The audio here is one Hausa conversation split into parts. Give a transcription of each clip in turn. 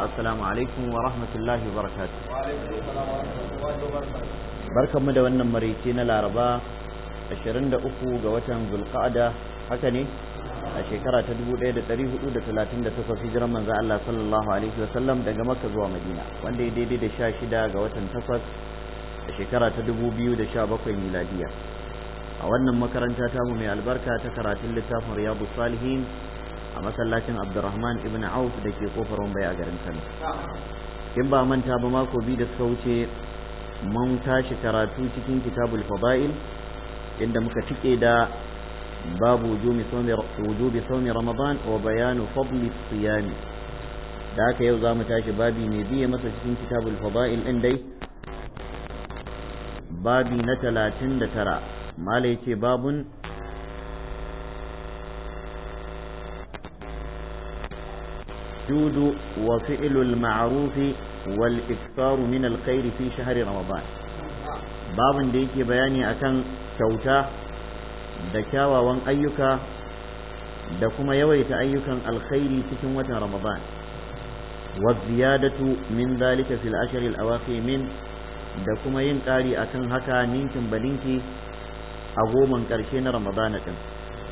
assalamu alaikum wa rahmatullahi wa barakatuh da wannan maraice na laraba 23 ga watan zulqa'ada haka ne a shekara ta 1438 hijiran manzo Allah sallallahu alaihi wa sallam daga Makka zuwa Madina wanda ya daidai da 16 ga watan 8 a shekara ta 2017 miladiya a wannan makaranta ta mu mai albarka ta karatun littafin riyadu Salihin a masallacin abdurrahman ibn auf da ke kofar wambai a garin kano in ba manta ba mako biyu da suka wuce mun tashi karatu cikin kitabul fada'il inda muka tike da babu wujubi saumi ramadan wa bayanu fadli siyam da haka yau za mu tashi babi mai biye masa cikin kitabul fada'il din dai babi na talatin da tara yace babun الجود وفعل المعروف والإكثار من الخير في شهر رمضان باب ديك بياني أكن كوتا دكاوى وان أيكا دكما يويت أيكا الخير في رمضان والزيادة من ذلك في العشر الأواخر من da kuma yin ƙari a kan haka ninkin balinki a goman ƙarshe na ramadana ɗin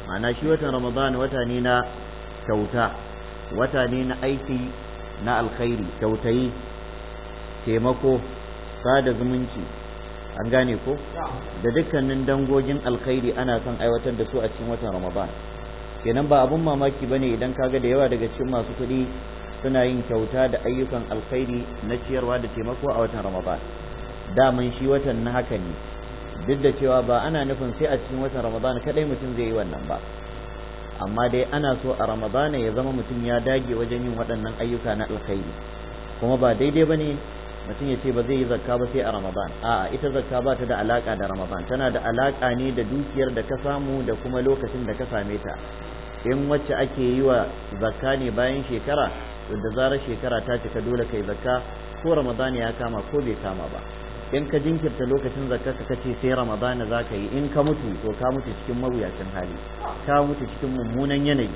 ma'ana shi watan ramadana wata ne na kyauta wata ne na aiki na alkhairi tautayi taimako sada zumunci an gane ko da dukkanin dangogin alkhairi ana son aiwatar da su a cikin watan ramadan kenan ba abun mamaki bane idan kaga da yawa daga cikin masu kuɗi suna yin kyauta da ayyukan alkhairi na ciyarwa da taimako a watan ramadan daman shi watan na haka ne duk da cewa ba ana nufin sai a cikin watan ramadan kadai mutum zai yi wannan ba amma dai ana so a ramadana ya zama mutum ya dage wajen yin waɗannan ayyuka na alkhairi kuma ba daidai ba ne mutum ya ce ba zai yi zakka ba sai a ramadan a'a ita zakka ba ta da alaka da ramadan tana da alaka ne da dukiyar da ka samu da kuma lokacin da ka same ta in wacce ake yi wa zakka ne bayan shekara da zarar shekara ta cika dole kai zakka ko ramadana ya kama ko bai kama ba in ka jinkirta lokacin zakka ka kace sai ramadana za ka yi in ka mutu to ka mutu cikin mawuyacin hali ka mutu cikin mummunan yanayi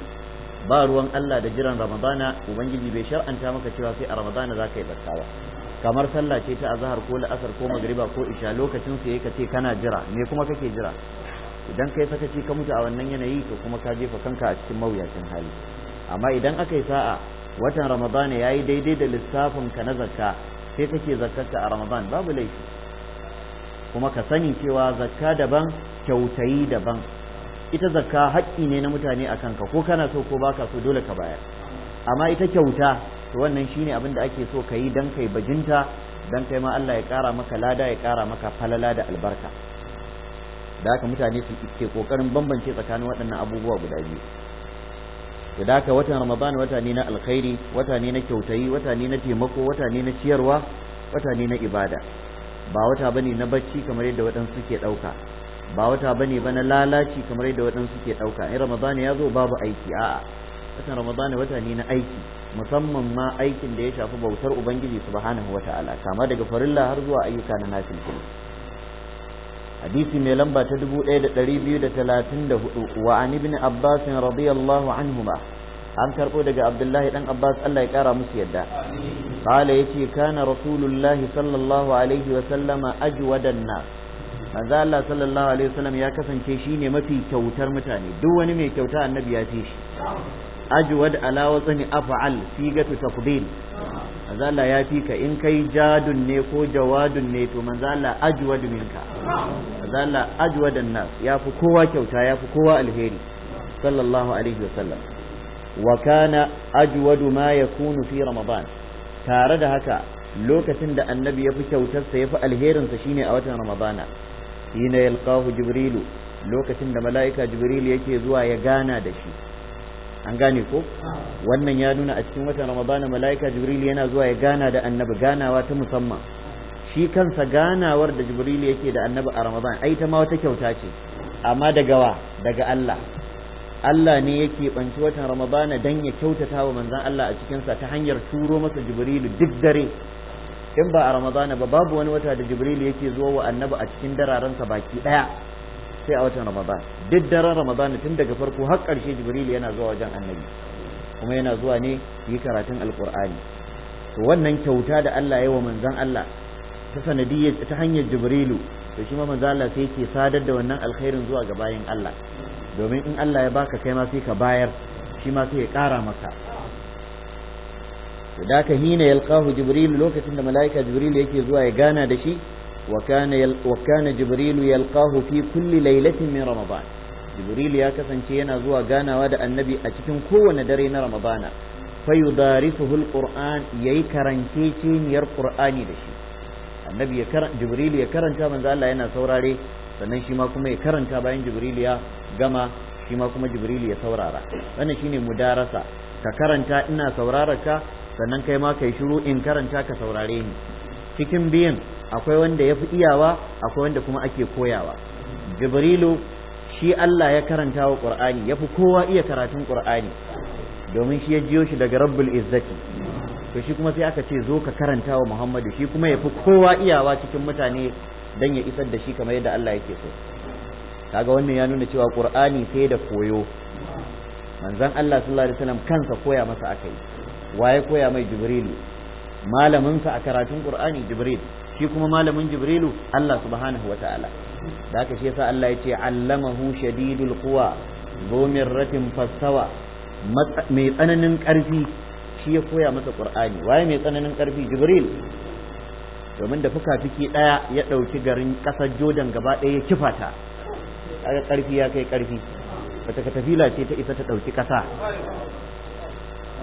ba ruwan Allah da jiran ramadana ubangiji bai shar'anta maka cewa sai a ramadana za ka yi zakka ba kamar sallah ce ta azhar ko la'asar ko magriba ko isha lokacin sai ka ce kana jira me kuma kake jira idan kai sakaci ka mutu a wannan yanayi to kuma ka jefa kanka a cikin mawuyacin hali amma idan aka yi sa'a watan ramadana yayi daidai da lissafin ka na zakka sai kake zakkarta a ramadan babu laifi kuma ka sani cewa zakka daban kyautayi daban ita zakka haƙƙi ne na mutane a kanka ko kana so ko baka so dole ka bayar amma ita kyauta to wannan shine abin da ake so ka yi dan kai bajinta dan kai ma Allah ya kara maka lada ya kara maka falala da albarka da haka mutane su ke ƙoƙarin bambance tsakanin waɗannan abubuwa guda biyu idan ka watan ramadan wata ne na alkhairi wata ne na kyautayi wata ne na taimako wata ne na ciyarwa wata ne na ibada ba wata bane na bacci kamar yadda waɗansu suke ɗauka ba wata bane ba na lalaci kamar yadda waɗansu suke ɗauka in ramadan ya zo babu aiki a'a watan ramadan wata ne na aiki musamman ma aikin da ya shafi bautar ubangiji subhanahu wataala kama daga farilla har zuwa ayyuka na nafil hadisi mai lamba ta 1234 wa an ibn abbas radiyallahu anhuma an karbo daga abdullahi dan abbas Allah ya kara musu yadda qala yace kana rasulullahi sallallahu alaihi wa sallama ajwadan nas manzo Allah sallallahu alaihi wasallam ya kasance shine mafi kyautar mutane duk wani mai kyauta annabi ya fi shi ajwad ala wasani af'al sigatu tafdil manzala ya fi ka in kai jadun ne ko jawadun ne to manzala ajwad ajwadu minka manzala ajwadan ya fi kowa kyauta ya fi kowa alheri sallallahu alaihi wa sallam wa kana ajwad ma yakunu fi ramadan tare da haka lokacin da annabi ya fi kyautarsa ya fi alherinsa shine a watan ramadana hina yalqahu jibrilu lokacin da mala'ika jibril yake zuwa ya gana da shi an gane ko wannan ya nuna a cikin watan ramadana mala'ika jibril yana zuwa ya gana da annabi ganawa ta musamman shi kansa ganawar da jibril yake da annabi a ramadan ai ta ma wata kyauta ce amma daga wa daga Allah Allah ne yake banci watan ramadana dan ya kyautata wa manzon Allah a cikinsa ta hanyar turo masa jibril duk dare in ba a ramadana ba babu wani wata da jibril yake zuwa wa annabi a cikin dararansa baki ɗaya. sai a watan ramadan duk daren ramadan tun daga farko har ƙarshe jibril yana zuwa wajen annabi kuma yana zuwa ne yi karatun alkur'ani to wannan kyauta da Allah ya wa manzon Allah ta sanadiyyar ta hanyar jibrilu to shi ma manzon Allah sai yake sadar da wannan alkhairin zuwa ga bayin Allah domin in Allah ya baka kai ma sai ka bayar shi ma sai ya kara maka da ka hina yalqahu jibril lokacin da mala'ika jibril yake zuwa ya gana da shi وكان يل وكان جبريل يلقاه في كل ليلة من رمضان جبريل يا كسن شينا زوا غانا ودا النبي أتكن كون درين رمضان فيدارسه القرآن يي كرنكيتين ير قرآني دشي النبي يكرن جبريل يكرن كما الله ينا سوراري sannan shi ma kuma ya karanta bayan jibril ya gama shi ma kuma jibril ya saurara wannan shine mudarasa ka karanta ina saurara ka sannan kai ma kai shiru in karanta ka saurare ni cikin biyan akwai wanda ya fi iyawa akwai wanda kuma ake koyawa jibrilu shi Allah ya karanta wa qur'ani ya fi kowa iya karatun qur'ani domin shi ya jiyo shi daga rabbul izzati to shi kuma sai aka ce zo ka karanta wa muhammadu shi kuma ya fi kowa iyawa cikin mutane dan ya isar da shi kamar yadda Allah yake so kaga wannan ya nuna cewa qur'ani sai da koyo manzon Allah sallallahu alaihi wasallam kansa koya masa akai waye koya mai jibrilu malamin sa a karatun qur'ani jibril shi kuma malamin jibrilu Allah subhanahu wa ta'ala da aka shi yasa Allah ya ce allamahu shadidul kuwa zo ratin fastawa mai tsananin karfi shi ya koya masa qur'ani waye mai tsananin ƙarfi jibril domin da fuka-fiki daya ya ɗauki garin kasar jordan gaba ɗaya ya kifa ta kaga karfi ya kai karfi wata katafila ce ta isa ta ɗauki ƙasa.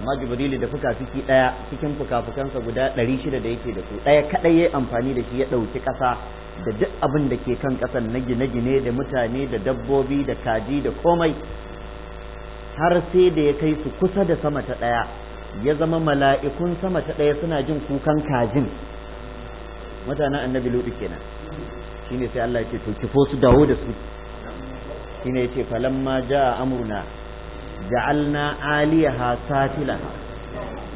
amma jibrilu da fuka-fiki ɗaya cikin fuka guda ɗari shida da yake da su ɗaya kaɗai ya amfani da shi ya ɗauki ƙasa da duk abin da ke kan ƙasan na gine-gine da mutane da dabbobi da kaji da komai har sai da ya kai su kusa da sama ta ɗaya ya zama mala'ikun sama ta ɗaya suna jin kukan kajin mutanen annabi lutu kenan shine sai Allah ya ce to kifo su dawo da su shine yace falamma jaa amruna ja'alna aliyaha safilaha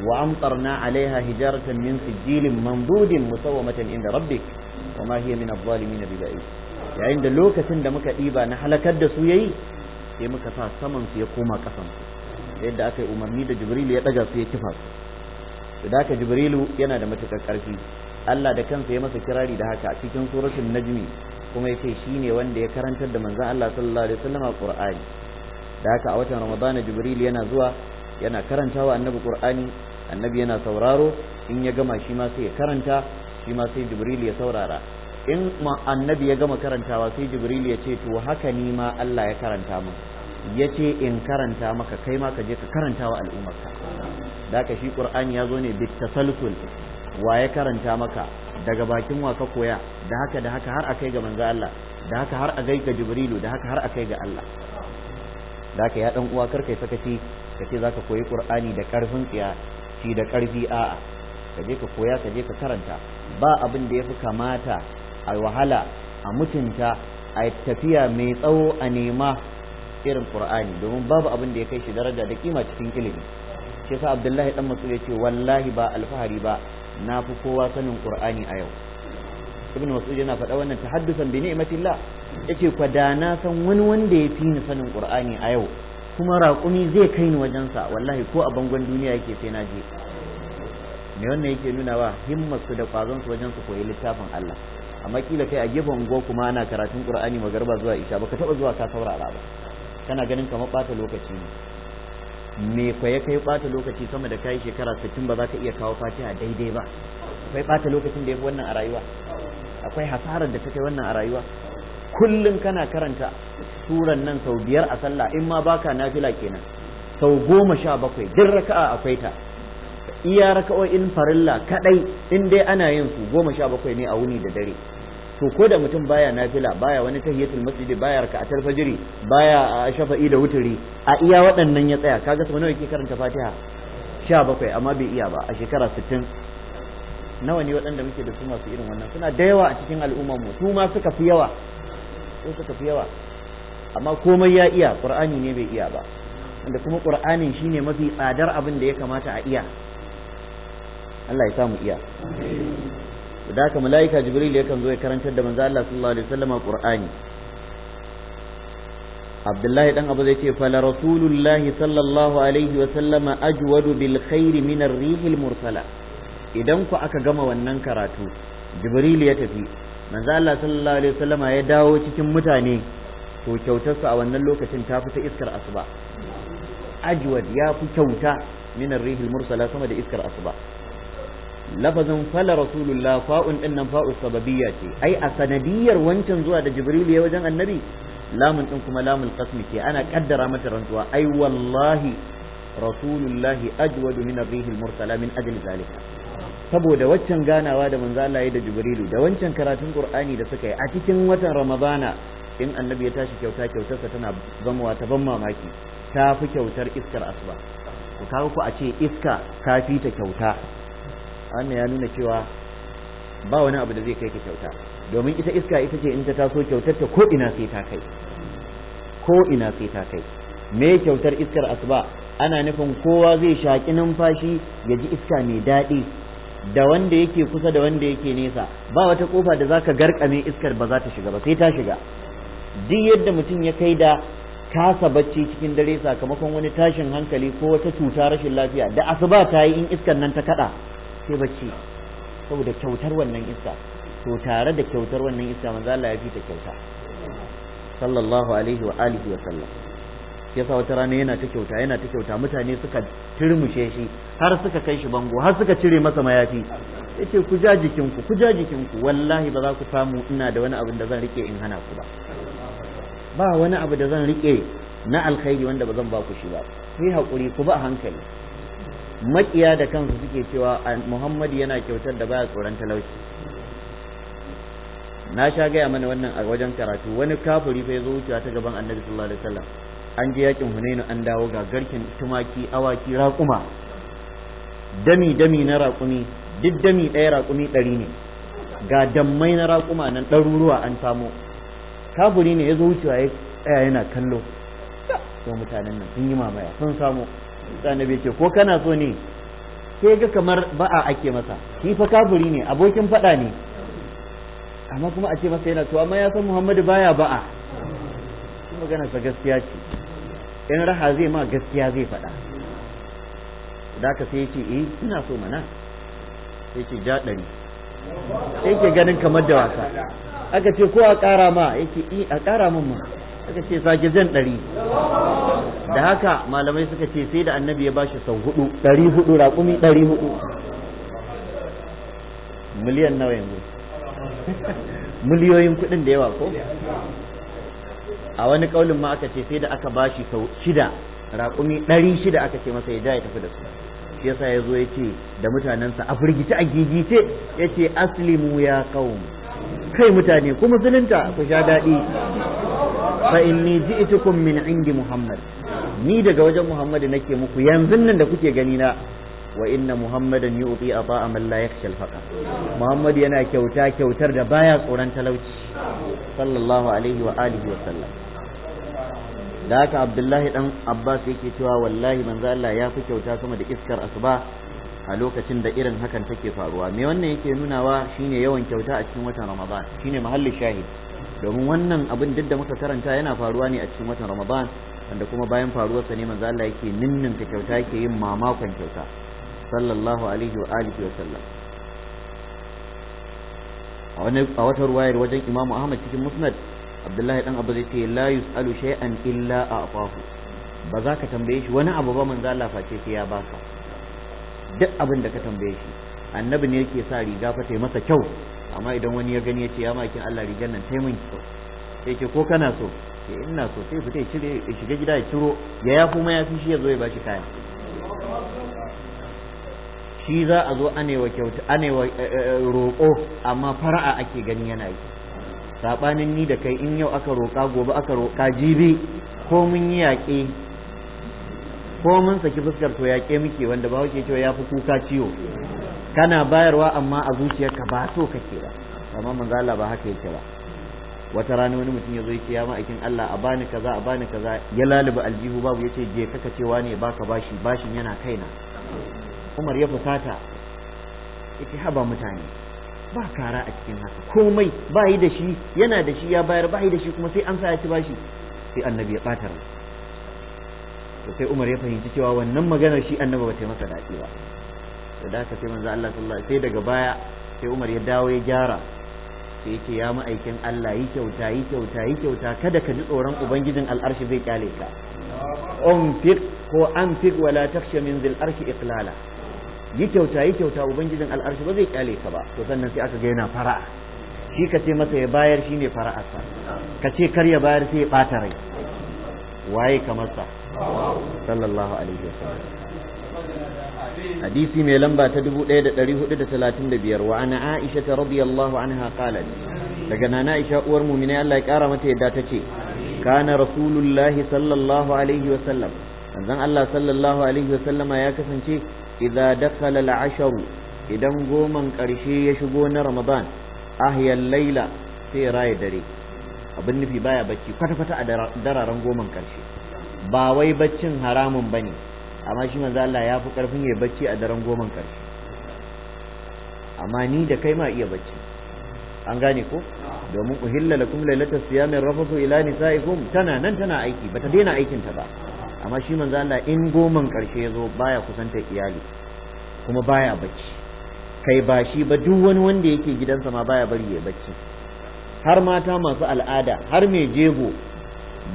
wa amtarna alaiha hijaratan min sijilin mandudin matan inda rabbik wa ma hiya min adh-dhalimin biba'id yayin da lokacin da muka diba na halakar da su ya yi sai muka sa saman su ya koma kasan da yadda aka yi umarni da jibril ya daga su ya kifa su da haka jibrilu yana da matukar karfi Allah da kansa ya masa kirari da haka a cikin suratul najmi kuma yace ne wanda ya karantar da manzon Allah sallallahu alaihi wasallam Qur'ani da haka a watan ramadana jibril yana zuwa yana karantawa annabi qur'ani annabi yana sauraro in ya gama shi ma sai ya karanta shi ma sai jibril ya saurara in annabi ya gama karantawa sai jibril ya ce to haka ni ma Allah ya karanta mu ya ce in karanta maka kai ma ka je ka karanta wa al'ummarka da haka shi qur'ani ya zo ne bit tasalsul wa ya karanta maka daga bakin wa ka koya da haka da haka har akai ga manzo Allah da haka har a ga jibrilu da haka har akai ga Allah da ka ya dan uwa karka yi sakaci ka ce za ka koyi ƙur'ani da ƙarfin tsiya shi da ƙarfi a'a ka je ka koya ka je ka karanta ba abin da yafi kamata a wahala a mutunta a tafiya mai tsawo a nema irin ƙur'ani domin babu abin da ya kai shi daraja da kima cikin ilimi shi yasa abdullahi dan masu ya ce wallahi ba alfahari ba na fi kowa sanin ƙurani a yau ibn mas'ud yana faɗa wannan tahaddusan bi ni'matillah yace kwa da na san wani wanda ya fi ni sanin qur'ani a yau kuma raƙumi zai kai ni sa wallahi ko a bangon duniya yake sai na je me wannan yake nuna wa himmar su da kwazon su wajen su koyi littafin Allah amma kila kai a gefen go kuma ana karatun Qur'ani magarba zuwa isha baka taba zuwa ka saurara ba kana ganin kamar bata lokaci ne me kwa ya kai bata lokaci sama da kai shekara 60 ba za ka iya kawo Fatiha daidai ba akwai bata lokacin da yafi wannan a rayuwa akwai hasarar da ta kai wannan a rayuwa kullum kana karanta suran nan sau biyar a sallah in ma baka nafila kenan sau goma sha bakwai duk raka'a akwai ta iya raka'o'in farilla kadai in dai ana yin su goma sha bakwai ne a wuni da dare to ko da mutum baya nafila baya wani tahiyatul masjid baya raka'atul fajri baya shafa'i da wuturi a iya waɗannan ya tsaya kaga sau nawa yake karanta fatiha sha bakwai amma bai iya ba a shekara sittin nawa ne waɗanda muke da su masu irin wannan suna da yawa a cikin al'ummar mu su ma suka fi yawa in suka fi yawa amma komai ya iya qur'ani ne bai iya ba wanda kuma qur'anin shine mafi tsadar abin da ya kamata a iya Allah ya sa mu iya da haka mala'ika jibril yakan zo ya karantar da manzo Allah sallallahu alaihi wasallam qur'ani Abdullahi dan Abu zai ce fala rasulullahi sallallahu alaihi wasallama ajwadu bil khairi min ar-rihil mursala idan ku aka gama wannan karatu jibril ya tafi manzo Allah sallallahu alaihi wasallama ya dawo cikin mutane to kyautarsa a wannan lokacin ta fita iskar asuba ajwad ya fi kyauta min rihil mursala sama da iskar asuba lafazin fala rasulullah fa'un din nan fa'u sababiyya ce ai a sanadiyar wancan zuwa da jibril ya wajen annabi lamun din kuma lamul qasmi ce ana kaddara mata rantsuwa ai wallahi rasulullahi ajwadu min rihil mursala min ajli zalika saboda waccan ganawa da manzo Allah ya da Jibrilu da waccan karatun Qur'ani da suka yi a cikin watan Ramadana in annabi ya tashi kyauta kyautarsa tana zamowa ta ban mamaki ta fi kyautar iskar asuba ku kawo ku a ce iska ta fi ta kyauta wannan ya nuna cewa ba wani abu da zai kai ka kyauta domin ita iska ita ce in ta taso kyautar ta ko ina sai ta kai ko ina sai ta kai me kyautar iskar asuba ana nufin kowa zai shaƙi numfashi ya ji iska mai daɗi da wanda yake kusa da wanda yake nesa ba wata kofa da zaka garkame iskar ba za ta shiga ba sai ta shiga duk yadda mutum ya kai da kasa bacci cikin dare sakamakon wani tashin hankali ko wata cuta rashin lafiya da asuba ta yi in iskar nan ta kada sai bacci saboda kyautar wannan iska to tare da kyautar wannan iska manzo Allah ya fita kyauta sallallahu alaihi wa alihi wa sallam yasa wata rana yana ta kyauta yana ta kyauta mutane suka turmushe shi har suka kai shi bango har suka cire masa mayafi yace ku ja jikinku ku ja jikinku wallahi ba za ku samu ina da wani abu da zan rike in hana ku ba ba wani abu da zan rike na alkhairi wanda ba zan ba ku shi ba sai hakuri ku ba hankali makiya da kansu suke cewa Muhammad yana kyautar da baya tsoron talauci na sha gaya mana wannan a wajen karatu wani kafuri fa ya zo wucewa ta gaban annabi sallallahu alaihi wasallam an je yakin hunainu an dawo ga garkin tumaki awaki raƙuma dami dami na raƙumi duk dami ɗaya raƙumi ɗari ne ga dammai na raƙuma nan ɗaruruwa an samo kaburi ne ya zo wucewa ya tsaya yana kallo ga mutanen nan sun yi mamaya sun samo bai ce ko kana so ne sai ga kamar ba'a ake masa shi fa kaburi ne abokin faɗa ne amma kuma a ce masa yana to amma ya san Muhammadu baya ba'a shi magana sa gaskiya ce in raha zai ma gaskiya zai faɗa da ka sai yace eh ina so mana sai yace ja ɗari yake ganin kamar da wasa aka ce ko a ƙara ma yake eh a ƙara min ma aka ce sake zan ɗari da haka malamai suka ce sai da annabi ya bashi sau hudu ɗari hudu raƙumi ɗari hudu miliyan nawa yanzu miliyoyin kuɗin da yawa ko a wani kaulin ma aka ce sai da aka bashi sau shida raƙumi ɗari shida aka ce masa ya ja ya tafi da su shi yasa ya zo ya ce da mutanensa a firgice a gigice ya aslimu ya qaum kai mutane ku zulunta ku sha daɗi fa inni ji'tukum min indi muhammad ni daga wajen muhammad nake muku yanzu nan da kuke gani na wa inna muhammadan yu'ti ata'a man la yakhsha al-faqa muhammad yana kyauta kyautar da baya tsoron talauci sallallahu alaihi wa alihi wa sallam da haka abdullahi dan abbas yake cewa wallahi manzo Allah ya fi kyauta sama da iskar asuba a lokacin da irin hakan take faruwa me wannan yake nunawa shine yawan kyauta a cikin watan ramadan shine mahallin shahid domin wannan abin duk da muka karanta yana faruwa ne a cikin watan ramadan wanda kuma bayan faruwarsa ne manzo Allah yake ninninta kyauta yake yin mamakon kyauta sallallahu alaihi wa alihi wa sallam a wata ruwayar wajen imamu ahmad cikin musnad abdullahi dan abu zai ce la yus'alu shay'an illa a'tahu ba za ka tambaye shi wani abu ba manzo Allah face sai ya baka duk abin da ka tambaye shi annabi ne yake sa riga fa tai masa kyau amma idan wani ya gani ya ce ya makin Allah rigar nan tai min kyau sai ke ko kana so ke ina so sai fita ya cire ya shiga gida ya ciro ya yafu ma ya fi shi ya zo ya bashi kaya shi za a zo anewa kyauta anewa eh, eh, roƙo amma fara'a ake gani yana yi sabanin ni da kai in yau aka roƙa gobe aka roƙa jibi ko mun yi yaƙe ko mun saki fuskar to yaƙe muke wanda ba ke cewa ya fi kuka ciwo kana bayarwa amma a zuciyarka ba so kake ba amma manzo Allah ba haka yake ba wata rana wani mutum ya zo yake ya ma'aikin Allah a bani kaza a bani kaza ya laluba aljihu babu yace je kaka cewa ne baka bashi bashin yana kaina Umar ya fusata yace haba mutane ba kara a cikin haka komai ba yi da shi yana da shi ya bayar ba yi da shi kuma sai an sa ya ci bashi sai annabi ya ɓata rai to sai umar ya fahimci cewa wannan maganar shi annabi ba ta masa daɗi ba da da sai manzo Allah sallallahu alaihi sai daga baya sai umar ya dawo ya gyara sai yake ya ma'aikin Allah yi kyauta yi kyauta yi kyauta kada ka ji tsoron ubangijin al'arshi zai kyale ka unfiq ko anfiq wala takhsha min dhil arshi iqlala yi kyauta yi kyauta ubangijin al'arshi ba zai kyale ka ba to sannan sai aka ga yana fara'a shi ka ce masa ya bayar shi shine fara'arsa ka ce kar ya bayar sai ya bata rai waye kamar sa sallallahu alaihi wasallam hadisi mai lamba ta 1435 wa ana aisha ta radiyallahu anha qalat daga nana aisha uwar muminai Allah ya kara mata yadda ta tace kana rasulullahi sallallahu alaihi wasallam manzon Allah sallallahu alaihi wasallama ya kasance idza dakhala asharu idan goman karshe ya shigo na ramadan ahyan laila sai ya raya dare abin nufi baya bacci kwata-kwata a dararen goman ƙarshe ba wai baccin haramun bane amma shi manzo Allah ya fi karfin ya bacci a daren goman ƙarshe amma ni da kai ma iya bacci an gane ko domin uhilla lakum siya siyami rafasu ila nisaikum tana nan tana aiki bata daina aikin ta ba amma shi manzo Allah in goman karshe ya zo baya kusantar iyali kuma baya bacci kai ba shi ba duk wani wanda yake gidansa ma baya bari ya bacci har mata masu al'ada har mai jego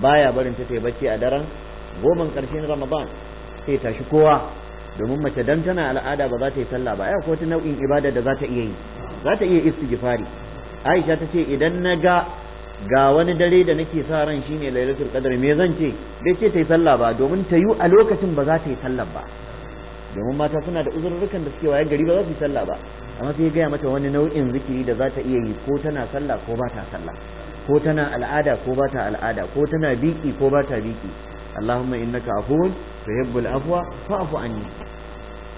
baya barin ta ta bacci a daren goman karshen ramadan sai tashi kowa domin mace dan tana al'ada ba za ta yi sallah ba ai akwai wata nau'in ibada da za ta iya yi za ta iya istighfari Aisha ta ce idan na ga ga wani dare da nake sa ran shine lailatul qadr me zan ce dai ce tayi sallah ba domin ta yi a lokacin ba za ta yi sallah ba domin mata suna da uzurrukan da suke waye gari ba za su yi sallah ba amma sai ya gaya mata wani nau'in zikiri da za ta iya yi ko tana sallah ko ba ta sallah ko tana al'ada ko ba ta al'ada ko tana biki ko ba ta biki Allahumma innaka afuwun tuhibbul afwa fa'fu anni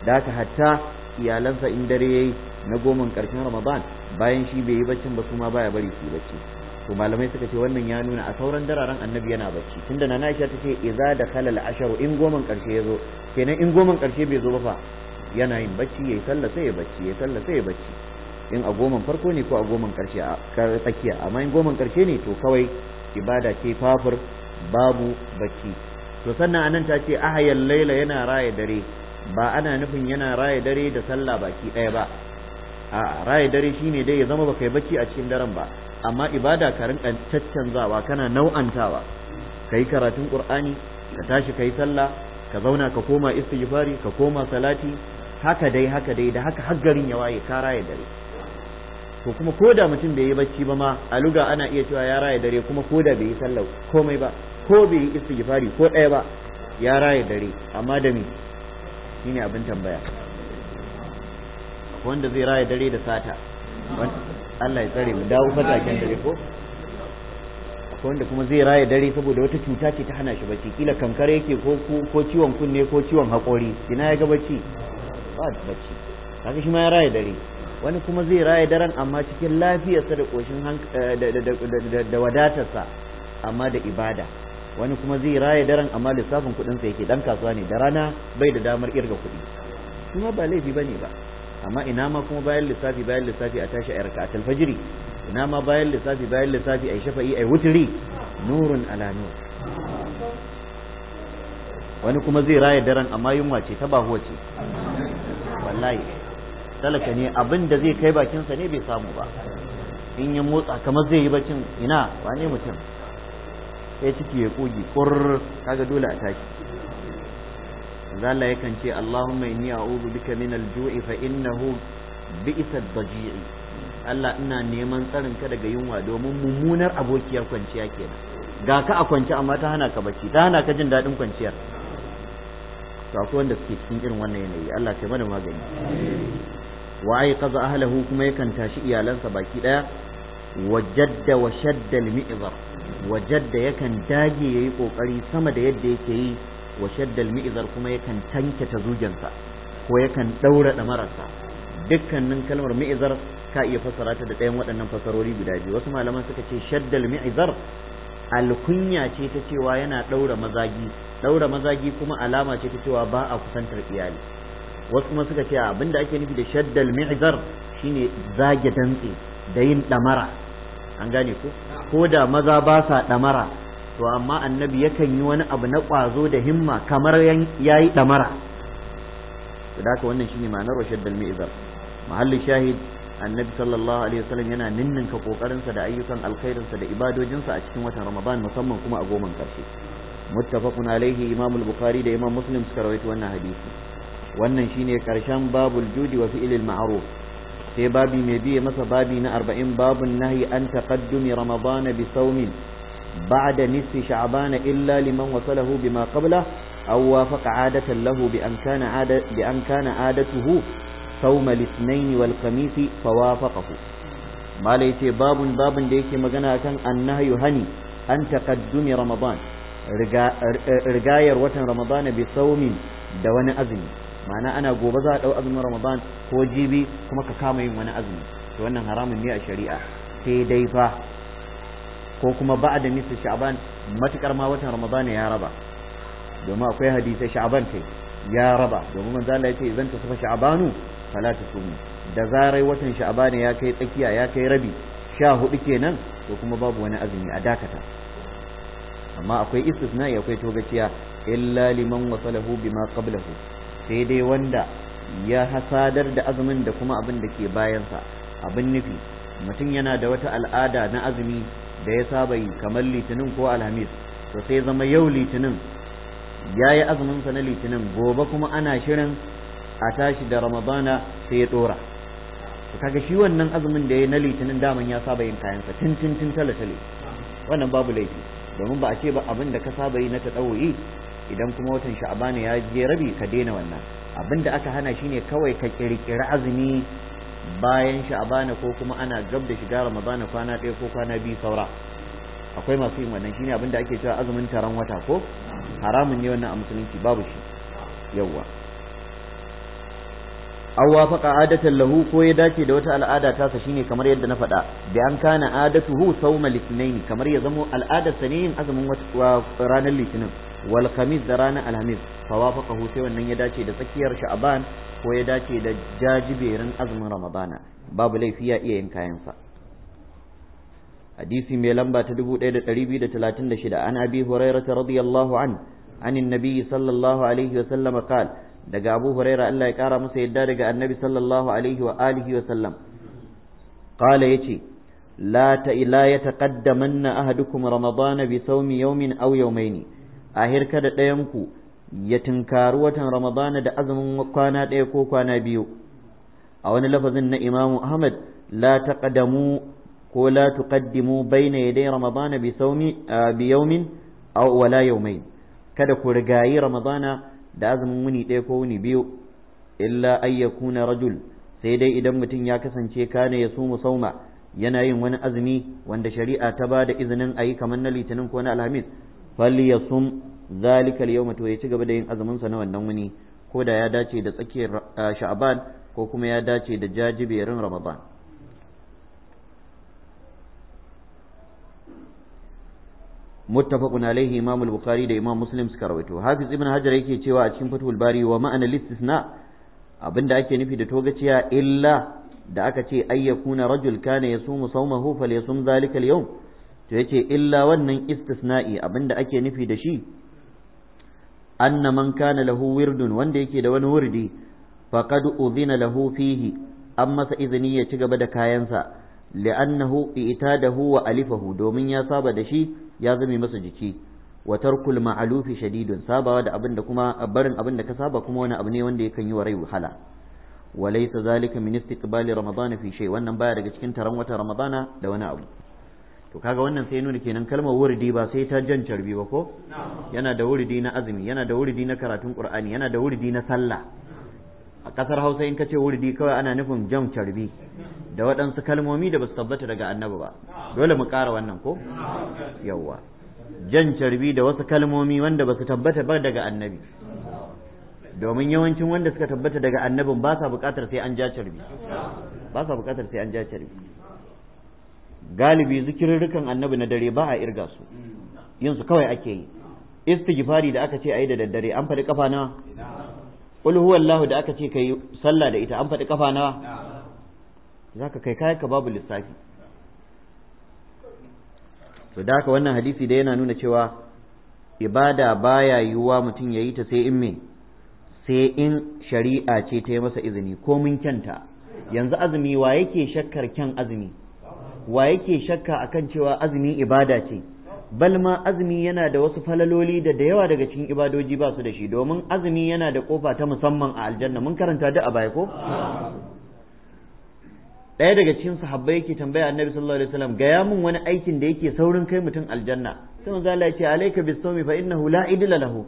da hatta iyalansa in dare yayi na goman karshen Ramadan bayan shi bai yi baccin ba kuma baya bari su bacci to malamai suka ce wannan ya nuna a sauran dararen annabi yana bacci tunda nana Aisha tace idza da kalal asharu in goman karshe yazo kenan in goman karshe bai zo ba fa yana yin bacci yayi sallah sai ya bacci yayi sallah sai ya bacci in a goman farko ne ko a goman karshe a tsakiya amma in goman karshe ne to kawai ibada ce fafur babu bacci to sannan anan ta ce ahayal laila yana raye dare ba ana nufin yana raye dare da sallah baki ɗaya ba a raye dare shine dai ya zama baka yi bacci a cikin daren ba amma ibada ka rinka caccanzawa kana nau'antawa kai karatun qur'ani ka tashi kai sallah ka zauna ka koma istighfari ka koma salati haka dai haka dai da haka haggarin ya waye ka raya dare to kuma ko da mutum bai yi bacci ba ma a luga ana iya cewa ya raya dare kuma ko da bai yi sallah komai ba ko bai yi istighfari ko ɗaya ba ya raya dare amma da me shine abin tambaya wanda zai raya dare da sata Allah ya tsare mu dawo fatakin dare ko akwai wanda kuma zai raya dare saboda wata cuta ce ta hana shi bacci kila kankare yake ko ko ciwon kunne ko ciwon haƙori ina ya ga bacci ba bacci kaga shi ma ya raya dare wani kuma zai raya daren amma cikin lafiyarsa da koshin eh, da wadatarsa amma da ibada wani kuma zai raya daren amma lissafin kuɗinsa yake dan kasuwa ne da rana bai da damar irga kuɗi kuma ba laifi bane ba amma ina ma kuma bayan lissafi bayan lissafi a tashi a yarka a talfajiri ina ma bayan lissafi bayan lissafi a yi shafa'i a wutiri nurun ala nur wani kuma zai raya daren amma yunwa ce ta bahuwa ce wallahi talaka ne abin da zai kai bakinsa ne bai samu ba in ya motsa kamar zai yi bakin ina wane mutum sai ciki ya kogi kur kaga dole a tashi zala yakan ce Allahumma inni a'udhu bika min al-ju'i fa innahu bi'sa ad-daji'i Allah ina neman tsarin ka daga yunwa domin mummunar abokiyar kwanciya kenan ga ka a kwance amma ta hana ka bacci ta hana ka jin daɗin kwanciyar to akwai wanda suke cikin irin wannan yanayi Allah kai mana magani wa aiqaza ahlahu kuma yakan tashi iyalansa baki daya wajadda wa shadda al-mi'zar wajadda yakan dage yayi kokari sama da yadda yake yi wa shaddal mi'izar kuma yakan tanke ta zugensa ko yakan daura damararsa dukkanin kalmar mi'izar ka iya fassara ta da ɗayan waɗannan fassarori guda biyu wasu malaman suka ce shaddal mi'izar alkunya ce ta cewa yana daura mazagi daura mazagi kuma alama ce ta cewa ba a kusantar iyali wasu kuma suka ce abinda ake nufi da shaddal mi'izar shine zage dantse da yin damara an gane ko ko da maza ba sa damara to amma annabi yakan yi wani abu na ƙwazo da himma kamar ya yi ɗamara da haka wannan shine ma'anar rashad dal mi'zar mahallin shahid annabi sallallahu alaihi wasallam yana ninninka kokarinsa da ayyukan alkhairinsa da ibadojinsa a cikin watan ramadan musamman kuma a goman karshe muttafaqun alaihi imam al-bukhari da imam muslim suka rawaito wannan hadisi wannan shine karshen babul judi wa fi'lil ma'ruf sai babi mai biye masa babi na arba'in babun nahi an taqaddumi ramadana bi saumin بعد نصف شعبان إلا لمن وصله بما قبله أو وافق عادة له بأن كان, عادة بأن كان عادته صوم الاثنين والخميس فوافقه ما ليتي باب باب ديك مغنى كان النهي هني أن تقدم رمضان رقاير وطن رمضان بصوم دون أزمي ma'ana ana gobe za a ɗau azumin ramadan ko jibi kuma ka kama yin wani azumi to wannan haramun ne a shari'a sai dai fa ko kuma da nisa sha'ban matukar ma watan ramadana ya raba domin akwai hadisai sha'ban ya raba domin manzo Allah yace idan tasfa sha'banu fala tasumu da zarai watan sha'bana ya kai tsakiya ya kai rabi sha hudu kenan to kuma babu wani azumi a dakata amma akwai ya akwai togaciya illa liman wasalahu bima qablahu sai dai wanda ya hasadar da azumin da kuma abin da ke bayansa abin nufi mutum yana da wata al'ada na azumi da ya saba yi kamar litinin ko alhamis to sai zama yau litinin ya yi azuminsa na litinin gobe kuma ana shirin a tashi da ramadana sai ya dora to kaga shi wannan azumin da ya na litinin daman ya saba yin kayansa tun tun wannan babu laifi domin ba a ce ba abin da ka saba yi na ta ɗauyi idan kuma watan sha'abani ya je rabi ka daina wannan abin da aka hana shine kawai ka kirkiri azumi bayan sha'abana ko kuma ana gab da shiga ramadana kwana ɗaya ko kwana biyu saura akwai masu yin wannan shine abinda ake cewa azumin taron wata ko haramun ne wannan a musulunci babu shi yawwa aw wafaqa adatan lahu ko ya dace da wata al'ada ta sa shine kamar yadda na faɗa bi an kana adatuhu sawma litinaini kamar ya zamo al'adar sa ne yin azumin ranar litinin wal khamis da ranar alhamis fa wafaqahu sai wannan ya dace da tsakiyar sha'ban ko ya dace da jajiberin azumin ramadana babu laifi ya iya yin kayansa hadisi mai lamba ta 1236 an abi hurairah radiyallahu an عن النبي sallallahu alaihi wa وسلم qal daga Abu Huraira Allah ya kara masa yadda daga Annabi sallallahu alaihi wa alihi wa sallam qala yace la ta ila yataqaddamanna ahadukum ramadana bi sawmi yawmin aw yawmayni ahir kada dayan ku ya tunkari watan ramadana da azumin kwana ɗaya ko kwana biyu a wani lafazin na imamu ahmad la taqadamu ko la tuqaddimu baina yaday ramadana bi sawmi bi yawmin aw wala yawmayn kada ku rigayi ramadana da azumin wuni ɗaya ko wuni biyu illa yakuna rajul sai dai idan mutum ya kasance kana ya sumu sauma yana yin wani azumi wanda shari'a ta ba da izinin a kamar na litinin ko na alhamis fal ya zalikal yawma to ya ci gaba da yin azumin sa na wannan wuni ko da ya dace da tsakiyar ah, sha'ban ko kuma ya dace da jajiberin ramadan muttafaqun alaihi imam al-bukhari da imam muslim suka rawaito hafiz ibn hajar yake cewa a cikin fatul bari wa ma'ana listisna abinda ake nufi da togaciya illa da aka ce ayyakuna rajul kana yasumu sawmahu falyasum zalika al-yawm to yace illa wannan istisna'i abinda ake nufi da shi anna man kana lahu wirdun wanda yake da wani wurdi faqad uZina lahu fihi an masa izini ya ci gaba da kayansa li'annahu da wa alifahu domin ya saba da shi ya zame masa jiki Watar tarkul ma'alufi shadidun sabawa da abin da kuma ka saba kuma wani abu ne wanda yakan yi wa rai wahala wa zalika min istiqbali ramadana fi shay wannan baya daga cikin taron wata ramadana da wani abu to kaga wannan sai nuna kenan kalmar wurdi ba sai ta jan carbi ba ko yana da wurdi na azumi yana da wurdi na karatun qur'ani yana da wurdi na sallah a kasar hausa in ka ce wurdi kawai ana nufin jan carbi da waɗansu kalmomi da ba su tabbata daga annabi ba dole mu ƙara wannan ko yawwa jan carbi da wasu kalmomi wanda ba su tabbata ba daga annabi domin yawancin wanda suka tabbata daga annabin ba sa buƙatar sai an ja carbi ba sa buƙatar sai an ja carbi galibi rukan annabi na dare ba a irga su yin su kawai ake yi istighfari da aka ce ayi da daddare an faɗi kafa nawa qul huwallahu da aka ce kai sallah da ita an faɗi kafa nawa zaka kai kai ka babu lissafi to da haka wannan hadisi da yana nuna cewa ibada baya yiwuwa mutum ya yi ta sai in me sai in shari'a ce ta yi masa izini ko mun kyanta yanzu azumi wa yake shakkar kyan azumi wa yake shakka akan cewa azumi ibada ce bal ma azumi yana da wasu falaloli da da yawa daga cikin ibadoji ba su da shi domin azumi yana da kofa ta musamman a aljanna mun karanta da a baya ko ɗaya daga cikin sahabbai yake tambaya annabi sallallahu alaihi wasallam gaya mun wani aikin da yake saurin kai mutum aljanna sai manzo Allah ya ce alayka bisawmi fa innahu la idla lahu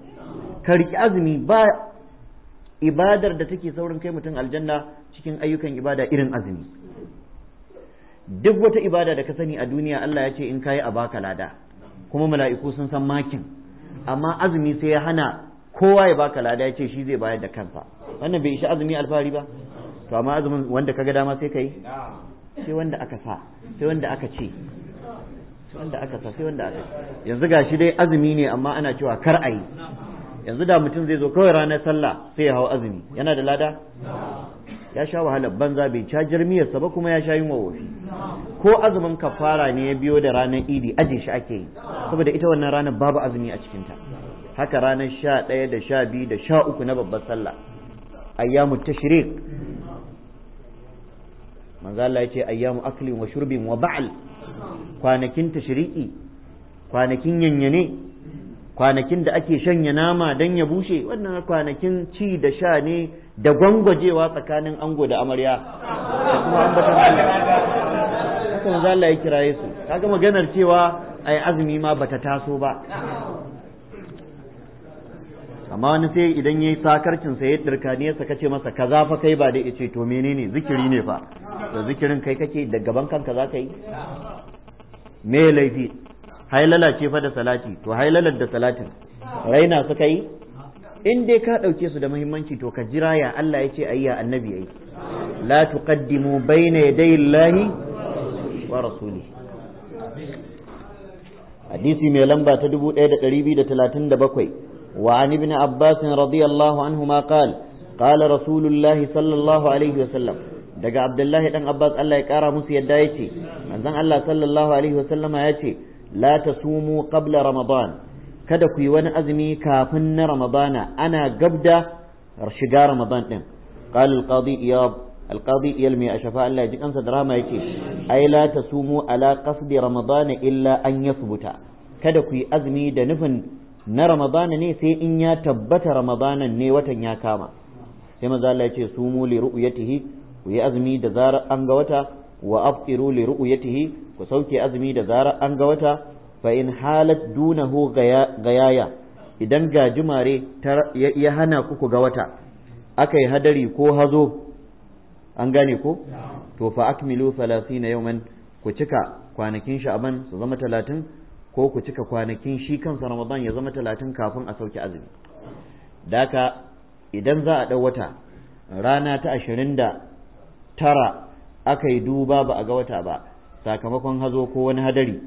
ka riki azumi ba ibadar da take saurin kai mutum aljanna cikin ayyukan ibada irin azumi duk wata ibada da ka sani a duniya Allah ya ce in kayi a baka lada kuma mala'iku sun san makin amma azumi sai ya hana kowa ya baka lada ya ce shi zai bayar da kansa wannan bai ishi azumi alfahari ba to amma azumin wanda kaga dama sai kai sai wanda aka sa sai wanda aka ce sai wanda aka sa sai wanda aka yanzu gashi dai azumi ne amma ana cewa kar a yi. yanzu da mutum zai zo kawai ranar sallah sai ya hau azumi yana da lada ya sha wahalar banza bai cajar miyarsa ba kuma ya sha yin wawofi ko azumin kafara ne ya biyo da ranar idi aje shi ake yi saboda ita wannan ranar babu azumi a cikinta haka ranar sha ɗaya da sha biyu da sha uku na babbar sallah ayyamu tashrik manzo Allah ya ce ayyamu aklin wa shurbin wa ba'al kwanakin tashriqi kwanakin yanyane kwanakin da ake shanya nama don ya bushe wannan kwanakin ci da sha ne da gwangwajewa tsakanin ango da amarya da kuma ambatan haka manzo Allah ya kiraye su kaga maganar cewa ai azumi ma bata taso ba amma wani sai idan yayi sakarkin sa ya dirka ne saka ce masa kaza fa kai ba da yace to menene zikiri ne fa To zikirin kai kake da gaban kanka zaka yi me laifi hailala ce fa da salati to hailalar da salatin raina suka yi in dai ka ɗauke su da muhimmanci to ka jira ya Allah ya ce ayya annabi yayi la tuqaddimu bayna yaday Allahi wa rasuli hadisi mai lamba ta 1237 wa an ibn Abbas radiyallahu anhuma qala qala rasulullahi sallallahu alaihi wa sallam daga Abdullahi dan Abbas Allah ya kara musu yadda yace manzon Allah sallallahu alaihi wa sallama yace la tasumu qabla ramadan kada ku yi wani azumi kafin na ramadana ana gabda shiga ramadan din qal al qadi iyab al qadi iyal mai ashafa Allah ji kansa drama yake ai la tasumu ala qasdi ramadana illa an yathbuta kada ku yi azumi da nufin na ramadana ne sai in ya tabbata ramadanan ne watan ya kama sai maza Allah ya ce sumu li ru'yatihi ku yi azumi da zarar an ga wata wa aftiru li ru'yatihi ku sauke azumi da zarar an ga wata fa in halat dunahu gayaya idan ga gajimare ya hana ku ku ga wata aka yi hadari ko hazo an gane ko to fa akmilu 30 yawman ku cika kwanakin sha'aban su zama 30 ko ku cika kwanakin shi kansa ramadan ya zama talatin kafin a sauke azumi daka idan za a dau wata rana ta ashirin da tara. aka yi duba ba a ga wata ba sakamakon hazo ko wani hadari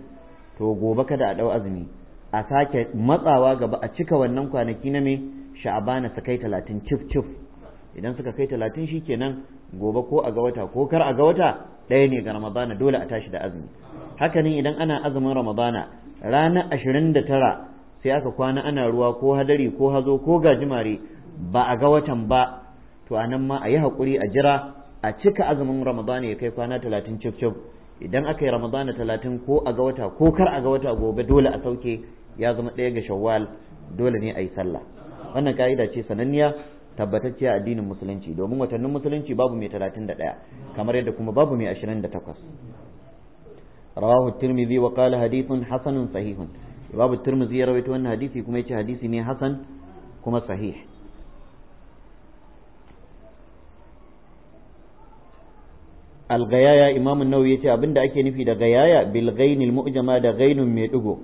to gobe kada a ɗau azumi a sake matsawa gaba a cika wannan kwanaki na me sha'abana su kai talatin cif cif idan suka kai talatin shi kenan gobe ko a ga wata ko kar a ga wata ɗaya ne ga ramadana dole a tashi da azumi haka ne idan ana azumin ramadana rana ashirin da tara sai aka kwana ana ruwa ko hadari ko hazo ko gajimare ba a ga watan ba to a nan ma a yi hakuri a jira a cika azumin ramadana ya kai kwana talatin cif cif idan aka yi ramadana talatin ko a ga wata ko kar a ga wata gobe dole a sauke ya zama ɗaya ga shawwal dole ne a yi sallah wannan ka'ida ce sananniya tabbatacciya addinin musulunci domin watannin musulunci babu mai talatin da ɗaya kamar yadda kuma babu mai ashirin da takwas rawahu tirmizi wa qala hadithun hasanun sahihun babu tirmizi ya rawaito wannan hadisi kuma ce hadisi ne hasan kuma sahih al-gayaya imam an-nawawi yace abinda ake nufi da gayaya bil ghainil mu'jama da ghainun mai digo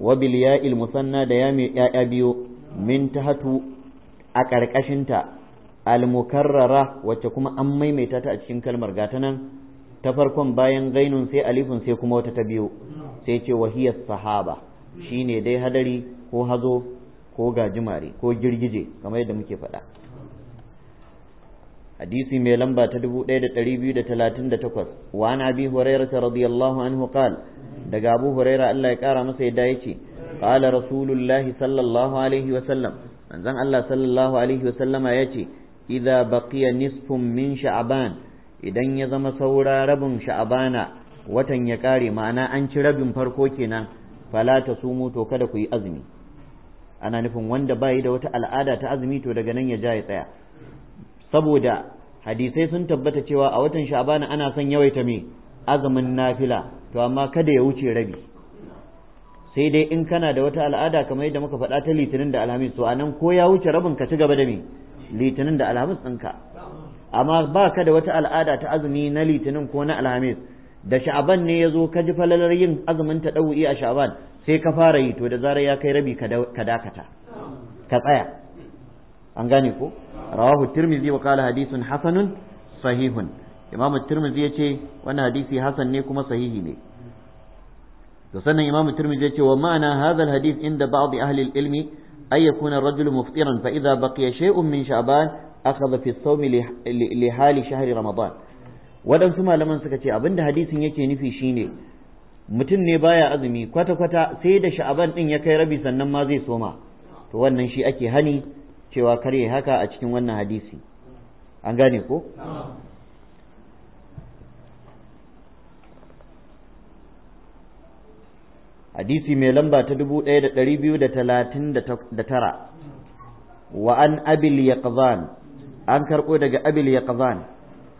wa bil ya'il musanna da ya mai ya'ya biyo min tahatu a karkashinta al-mukarrara wacce kuma an maimaita ta a cikin kalmar gata nan ta farkon bayan gainun sai alifun sai kuma wata ta biyo sai ce wahiyar sahaba shine dai hadari ko hazo ko gajimare ko girgije kamar yadda muke faɗa حديث من لمبا تدبو ليلة تريبي لتلاتين لتكوس وعن أبي هريرة رضي الله عنه قال دقى أبو هريرة ألا يكارى مسيدايتي قال رسول الله صلى الله عليه وسلم من زن الله صلى الله عليه وسلم يأتي إذا بقي نصف من شعبان idan ya zama saura rabin sha'abana watan ya kare ma'ana an ci rabin farko kenan fala ta sumu to kada ku yi azumi ana nufin wanda bayi da wata al'ada ta azumi to daga nan ya ja ya tsaya saboda hadisai sun tabbata cewa a watan sha'bana ana son yawaita me azumin nafila to amma kada ya wuce rabi sai dai in kana da wata al'ada kamar yadda muka faɗa ta litinin da alhamis to anan ko ya wuce rabin ka ci gaba da me litinin da alhamis ɗinka amma ba ka da wata al'ada ta azumi na litinin ko na alhamis da sha'aban ne ya zo ka ji falalar yin azumin ta ɗau'i a sha'aban sai ka fara yi to da zarar ya kai rabi ka dakata ka tsaya an gane ko rawahu tirmizi wa qala hadithun hasanun sahihun imamu tirmizi yace wannan hadisi hasan ne kuma sahihi ne to sannan imamu ya yace wa ma'ana hadha alhadith inda ba'd ahli ilmi ay yakuna ar-rajulu muftiran fa idha baqiya shay'un min sha'ban akhadha fi as-sawmi li hali ramadan waɗansu malaman suka ce abinda hadisin yake nufi shine mutum ne baya azumi kwata-kwata sai da sha'aban din ya kai rabi sannan ma zai soma to wannan shi ake hani cewa kare haka a cikin wannan hadisi an gane ko hadisi mai lamba ta dubu ɗaya da ɗari biyu da talatin da tara wa an abil yaqzan an karɓo daga abil yaqzan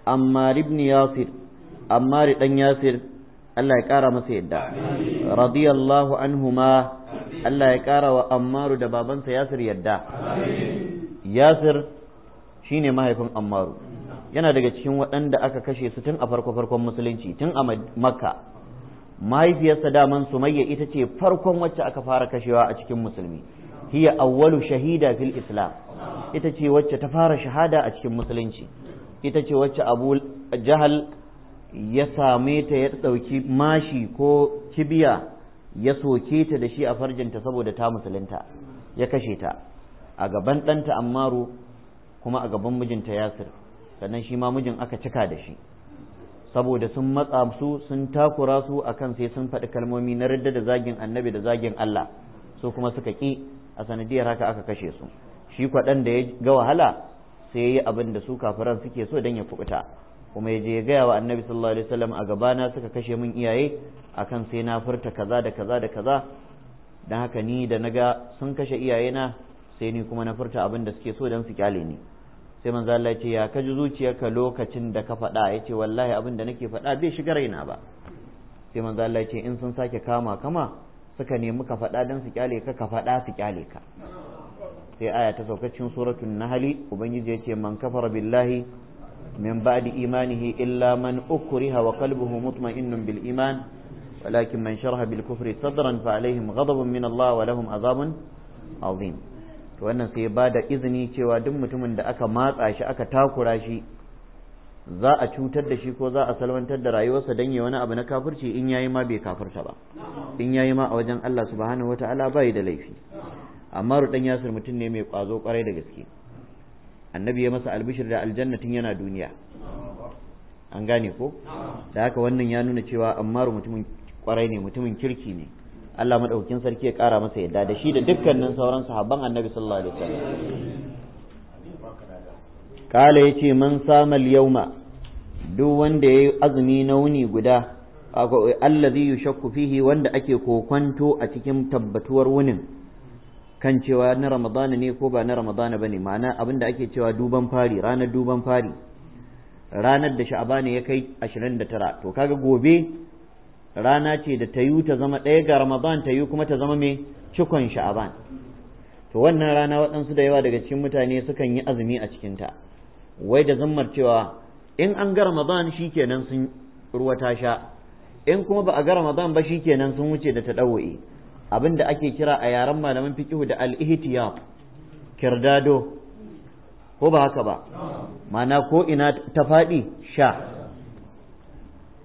ammar ibn yasir ammar dan yasir Allah ya ƙara masa yadda radiyallahu anhuma Allah ya ƙara wa Ammaru da babansa Yasir yadda Yasir shi ne mahaifin Ammaru yana daga cikin waɗanda aka kashe su tun a farko farkon musulunci tun a Makka mahaifiyarsa daman Sumayya ita ce farkon wacce aka fara kashewa a cikin musulmi hiya awwalu shahida fil islam ita ce wacce ta fara shahada a cikin musulunci ita ce wacce Abu Jahal ya same ta ya ɗauki mashi ko kibiya ya soke ta da shi a farjinta saboda ta musulunta ya kashe ta a gaban ɗanta ammaru kuma a gaban mijinta yasir sannan shi ma mijin aka cika da shi saboda sun matsa su sun takura su akan sai sun faɗi kalmomi na radda da zagin annabi da zagin Allah su kuma suka ƙi a sanadiyar haka aka kashe su shi kwaɗan da ya ga wahala sai ya yi abin da su kafiran suke so don ya kubuta kuma ya je ya gaya wa annabi sallallahu alaihi wasallam a gabana suka kashe min iyaye akan sai na furta kaza da kaza da kaza dan haka ni da naga sun kashe iyaye na sai ni kuma na furta abin da suke so dan su kyale ni sai manzo Allah ya ce ya kaji zuciyarka lokacin da ka faɗa ce wallahi abin da nake faɗa bai shiga raina ba sai manzo Allah ya ce in sun sake kama kama suka nemi ka faɗa dan su kyale ka ka faɗa su kyale ka sai aya ta saukacin suratul nahli ubangiji ya ce man kafara billahi من بعد إيمانه إلا من أكره وقلبه مطمئن بالإيمان ولكن من شرح بالكفر صدرا فعليهم غضب من الله ولهم عذاب عظيم wannan sai ba da izini cewa duk mutumin da aka matsa shi aka takura shi za a cutar da shi ko za a salwantar da rayuwarsa don ya wani abu na kafirci in yayi ma bai kafirta ba in yayi ma a wajen Allah subhanahu ba bai da laifi amma rudan yasir mutum ne mai kwazo kwarai da gaske annabi ya masa albishir da aljannatin yana duniya an gane ko da haka wannan ya nuna cewa ammaru mutumin kwarai ne mutumin kirki ne Allah madaukakin sarki ya kara masa yadda da shi da dukkanin sauran sahabban annabi sallallahu alaihi wasallam kala yace man sama yauma duk wanda yayi azumi na wuni guda akwai allazi yushakku fihi wanda ake kokwanto a cikin tabbatuwar wunin kan cewa na ramadana ne ko ba na ramadana ba ne ma'ana abin da ake cewa duban fari ranar duban fari ranar da ne ya kai ashirin da tara to kaga gobe rana ce da tayu yi ta zama ɗaya ga ramadan tayu kuma ta zama mai cikon sha'aban to wannan rana waɗansu da yawa daga cikin mutane sukan yi azumi a cikinta wai da zammar cewa in an ga ramadan shikenan sun ruwa ta sha in kuma ba a ga ramadan ba shi kenan sun wuce da ta ɗawo'e abin da ake kira a yaren malaman fikihu da al-ihtiyab kirdado ko ba haka ba mana ko ina ta faɗi sha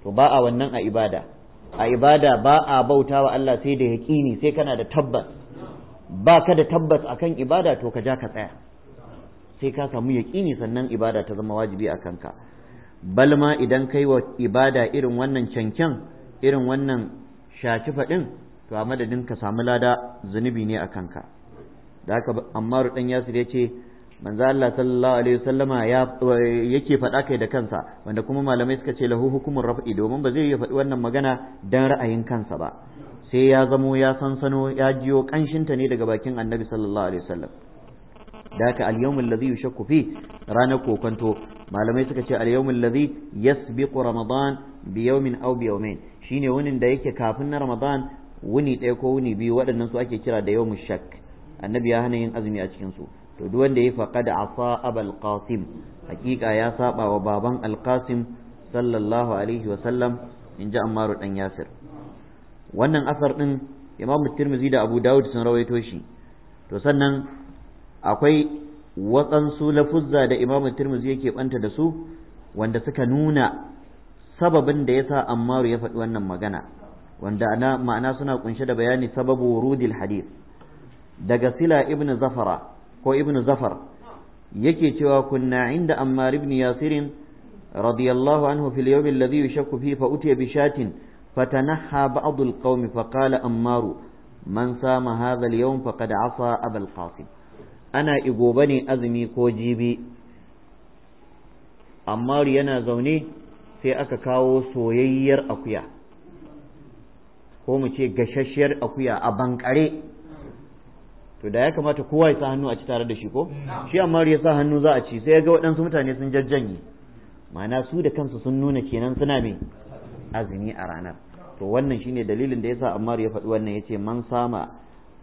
to ba a wannan a ibada a ibada ba a bauta wa Allah sai da yaƙini sai kana da tabbas ba ka da tabbas akan ibada to ka ja ka tsaya sai ka samu yaƙini sannan ibada ta zama wajibi a kanka balma idan kai wa ibada irin wannan cancan irin wannan shaci faɗin to a madadin ka samu lada zunubi ne a kanka da haka ammaru dan yasir ya ce manzo Allah sallallahu alaihi wasallama yake faɗa kai da kansa wanda kuma malamai suka ce lahu hukumun raf'i domin ba zai iya faɗi wannan magana dan ra'ayin kansa ba sai ya zamo ya sansano ya jiyo kanshinta ne daga bakin annabi sallallahu alaihi wasallam da haka al-yawmul ladhi yushakku fi ranar kokanto. malamai suka ce al-yawmul ladhi yasbiqu ramadan bi yawmin aw bi yawmain shine wani da yake kafin na ramadan wuni ɗaya ko wuni biyu waɗannan su ake kira da yawon shak annabi ya hana yin azumi a cikinsu. to duk wanda ya da asa abal qasim hakika ya saba wa baban al qasim sallallahu alaihi wa sallam ji ammaru dan yasir wannan asar ɗin imam tirmizi da abu dawud sun rawaito shi to sannan akwai waɗansu lafuzza da imam tirmizi yake banta da su wanda suka nuna sababin da ya yasa ammaru ya faɗi wannan magana wanda ma'ana suna kunshe da bayani sababu wurudil hadith daga sila ibn zafara ko ibn zafar yake cewa kunna inda ammar ibn yasirin radiyallahu anhu fil yawm alladhi yushakku fi fa utiya bi shatin fatanaha ba'd al qawm fa qala ammar man sama hadha al yawm faqad asa abul qasim ana igoba ne azumi ko jibi ammar yana zaune sai aka kawo soyayyar akuya ko mu ce gashashiyar akuya a bankare to da ya kamata kowa ya sa hannu a ci tare da shi ko shi amma ya sa hannu za a ci sai ya ga waɗansu mutane sun jajjanye ma'ana su da kansu sun nuna kenan suna mai azumi a ranar to wannan shine dalilin da yasa Ammar ya faɗi wannan yace man sama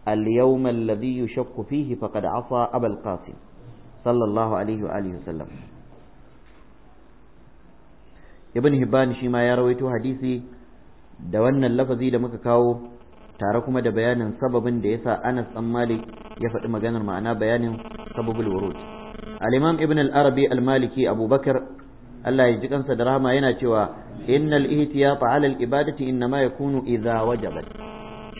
al-yawma alladhi yushakku fihi faqad afa abul qasim sallallahu alaihi wa alihi wasallam ibn hibban shi ma ya rawaito hadisi da wannan lafazi da muka kawo tare kuma da bayanin sababin da yasa Anas dan Malik ya faɗi maganar ma'ana bayanin sababul wurud al-Imam Ibn al-Arabi al-Maliki Abu Bakar Allah ya ji kansa da rahama yana cewa innal ihtiyat ala al-ibadati innama yakunu idha wajabat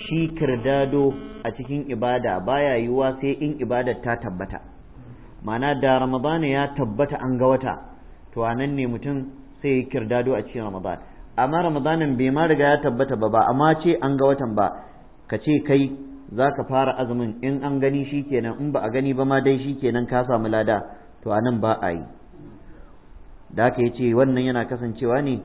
shi kirdado a cikin ibada baya yiwuwa sai in ibadar ta tabbata ma'ana da ramadana ya tabbata an ga wata to anan ne mutum sai ya kirdado a cikin ramadan amma ramadanin bai ma riga ya tabbata ba ba amma ce an ga watan ba ka ce kai za ka fara azumin in an gani shi kenan in ba a gani ba ma dai shi kenan ka samu lada to a nan ba a yi da ka ce wannan yana kasancewa ne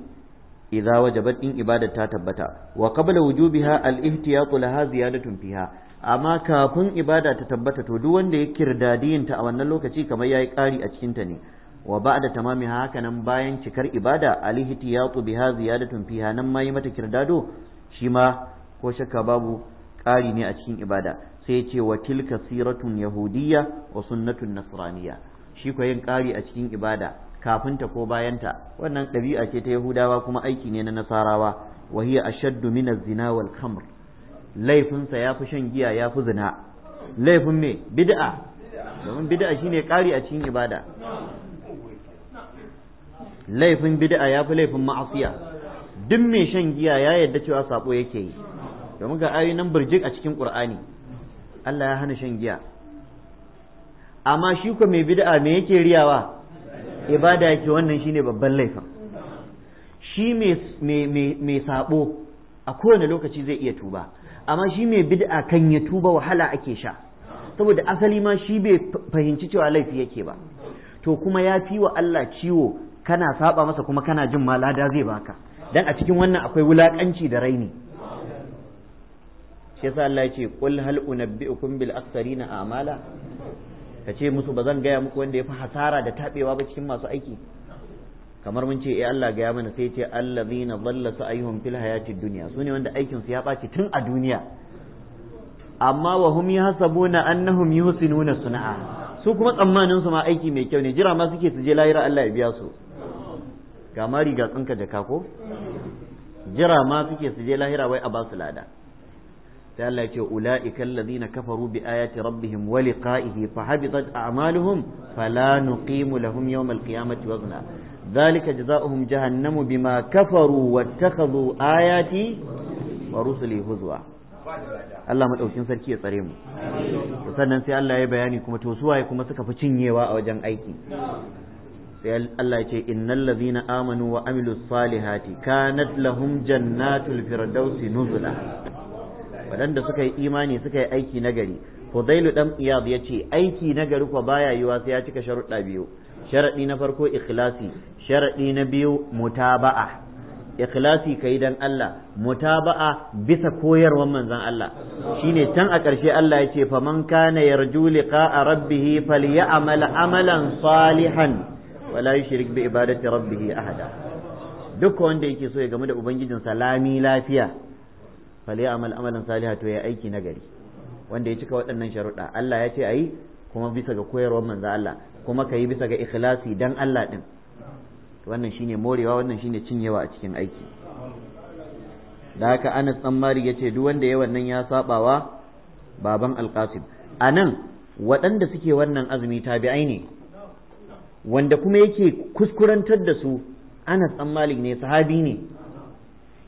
idza wajabat in ibadat ta tabbata wa qabla wujubiha al-ihtiyatu laha ziyadatun fiha amma kafin ibada ta tabbata to duk wanda ya kirdadiyinta a wannan lokaci kamar yayi ƙari a cikin ta ne wa ba'da da haka hakanan bayan cikar ibada ya alihtiyatu biha ziyadatun fiha nan ma yi mata kirdado shi ma ko shakka babu ƙari ne a cikin ibada sai ya ce wa tilka siratun yahudiyya wa sunnatun nasraniyya shi ko yin ƙari a cikin ibada kafinta ko bayanta wannan ɗabi'a ce ta yahudawa kuma aiki ne na nasarawa wa hiya ashaddu min az-zina wal khamr laifinsa yafi shan giya yafi zina laifin me bid'a domin bid'a shine ƙari a cikin ibada laifin bid'a ya fi laifin ma'asiya duk mai shan giya ya yarda cewa sabo yake yi domin ga ayoyi nan burjik a cikin qur'ani Allah ya hana shan giya amma shi ko mai bid'a me yake riyawa ibada yake wannan shine babban laifin shi mai sabo a kowane lokaci zai iya tuba amma shi mai bid'a kan ya tuba wahala ake sha saboda asali ma shi bai fahimci cewa laifi yake ba to kuma ya fi wa Allah ciwo kana saba masa kuma kana jin ma lada zai baka dan a cikin wannan akwai wulakanci da raini shi yasa Allah ya ce qul hal unabbiukum bil aktharina a'mala kace musu bazan zan gaya muku wanda ya fi hasara da tabewa ba cikin masu aiki kamar mun ce eh Allah gaya mana sai ce allazina dhalla sa'ihum fil hayatid dunya sune wanda aikin su ya baci tun a duniya amma wa hum yahsabuna annahum yuhsinuna sun'a su kuma tsammanin su ma aiki mai kyau ne jira ma suke su je lahira Allah ya biya su ga ma riga jaka ko jira ma suke su je lahira wai a ba su lada sai Allah ya ce ulaika allazina kafaru bi ayati rabbihim wa liqa'ihi fa habitat a'maluhum fala nuqimu lahum yawm al-qiyamati wazna ذلك جزاؤهم جهنم kafaru كفروا واتخذوا wa ورسلي هزوا Allah maɗaukin sarki ya tsare mu sannan sai Allah ya bayani kuma to suwaye kuma suka fi cinyewa a wajen aiki sai Allah ce innal ladhina amanu wa amilus salihati kanat lahum jannatul firdausi nuzula waɗanda suka yi imani suka yi aiki nagari Fudailu dan Iyad ya ce aiki nagari kwa baya yiwa sai ya cika sharuɗa biyu sharaɗi na farko ikhlasi sharaɗi na biyu mutaba'a ikhlasi kai dan Allah mutaba'a bisa koyarwar manzon Allah shine can a ƙarshe Allah ya ce faman kana yarju liqa'a rabbih falyamal amalan salihan wala yushrik bi ibadati rabbih ahada duk wanda yake so ya gamu da ubangijin salami lafiya fali amal amalan saliha to ya aiki nagari wanda ya cika waɗannan sharuɗa Allah ya ce ayi kuma bisa ga koyarwar manzo Allah kuma kayi bisa ga ikhlasi dan Allah din wannan shine morewa wannan shine cinyewa a cikin aiki da haka Anas Ammari yace duk wanda ya wannan ya sabawa baban Alqasim anan waɗanda suke wannan azumi tabi'ai ne wanda kuma yake kuskurantar da su ana ne sahabi ne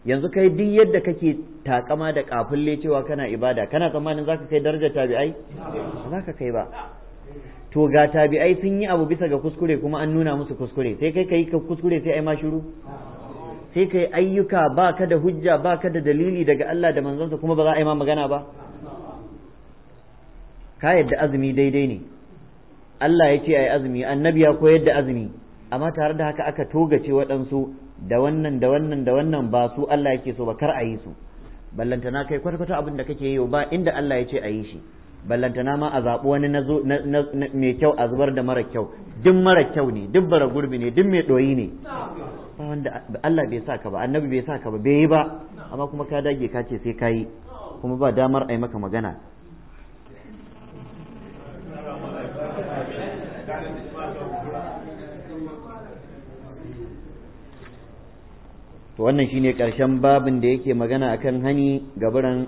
yanzu kai duk yadda kake takama da kafulle cewa kana ibada kana tsammanin zaka kai daraja tabi'ai zaka kai ba to ga tabi'ai sun yi abu bisa ga kuskure kuma an nuna musu kuskure sai kai kai kuskure sai ai ma shiru sai kai ayyuka ba ka da hujja ba ka da dalili daga Allah da manzonsa kuma ba za a yi ma magana ba ka yadda azumi daidai ne Allah ya ce a yi azumi annabi ya koyar da azumi amma tare da haka aka togace waɗansu da wannan da wannan da wannan ba su Allah yake so ba kar a yi su ballantana kai kwata abin da kake yi ba inda Allah ya ce a yi shi ballantana ma a zaɓi wani mai kyau a zubar da mara kyau duk mara kyau ne duk bara gurbi ne duk mai ɗoyi ne ba wanda Allah bai sa ka ba annabi bai sa ka ba bai yi ba amma kuma ka dage ka ce sai ka yi kuma ba damar a yi maka magana to wannan shine karshen babin da yake magana akan hani gaburan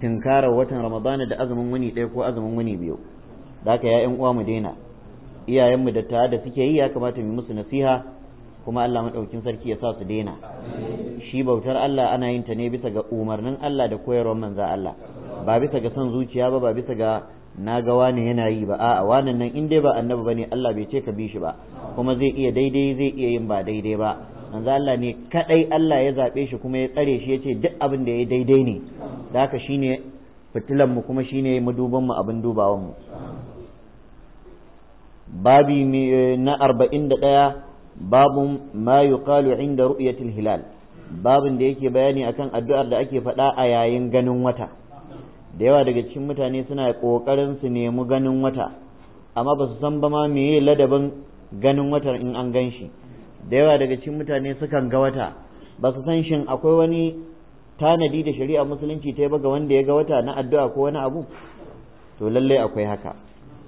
tinkarar watan ramadana da azumin wani ɗaya ko azumin wani biyu da haka ya uwa mu daina iyayenmu da ta da suke yi ya kamata mu musu nasiha kuma Allah madaukin sarki ya sa su daina shi bautar Allah ana yin ta ne bisa ga umarnin Allah da koyarwar manzo Allah ba bisa ga son zuciya ba ba bisa ga na ga wani yana yi ba a'a wannan nan in dai ba annabi bane Allah bai ce ka bi shi ba kuma zai iya daidai zai iya yin ba daidai ba manzo Allah ne kadai Allah ya zabe shi kuma ya tsare shi yace duk abin da ya daidai ne da haka shine fitilan mu kuma shine maduban mu abin dubawan mu babi eh, na 41 babun ma yuqalu inda ru'yatil hilal babin da yake bayani akan addu'ar da ake faɗa a yayin ganin wata da yawa daga cikin mutane suna ƙoƙarin su nemi ganin wata amma ba su san ba ma meye ladabin ganin watar in an gan shi da yawa daga cikin mutane sukan ga wata ba su san shin akwai wani tanadi da shari'a musulunci ta ba ga wanda ya ga wata na addu'a ko wani abu to lallai akwai haka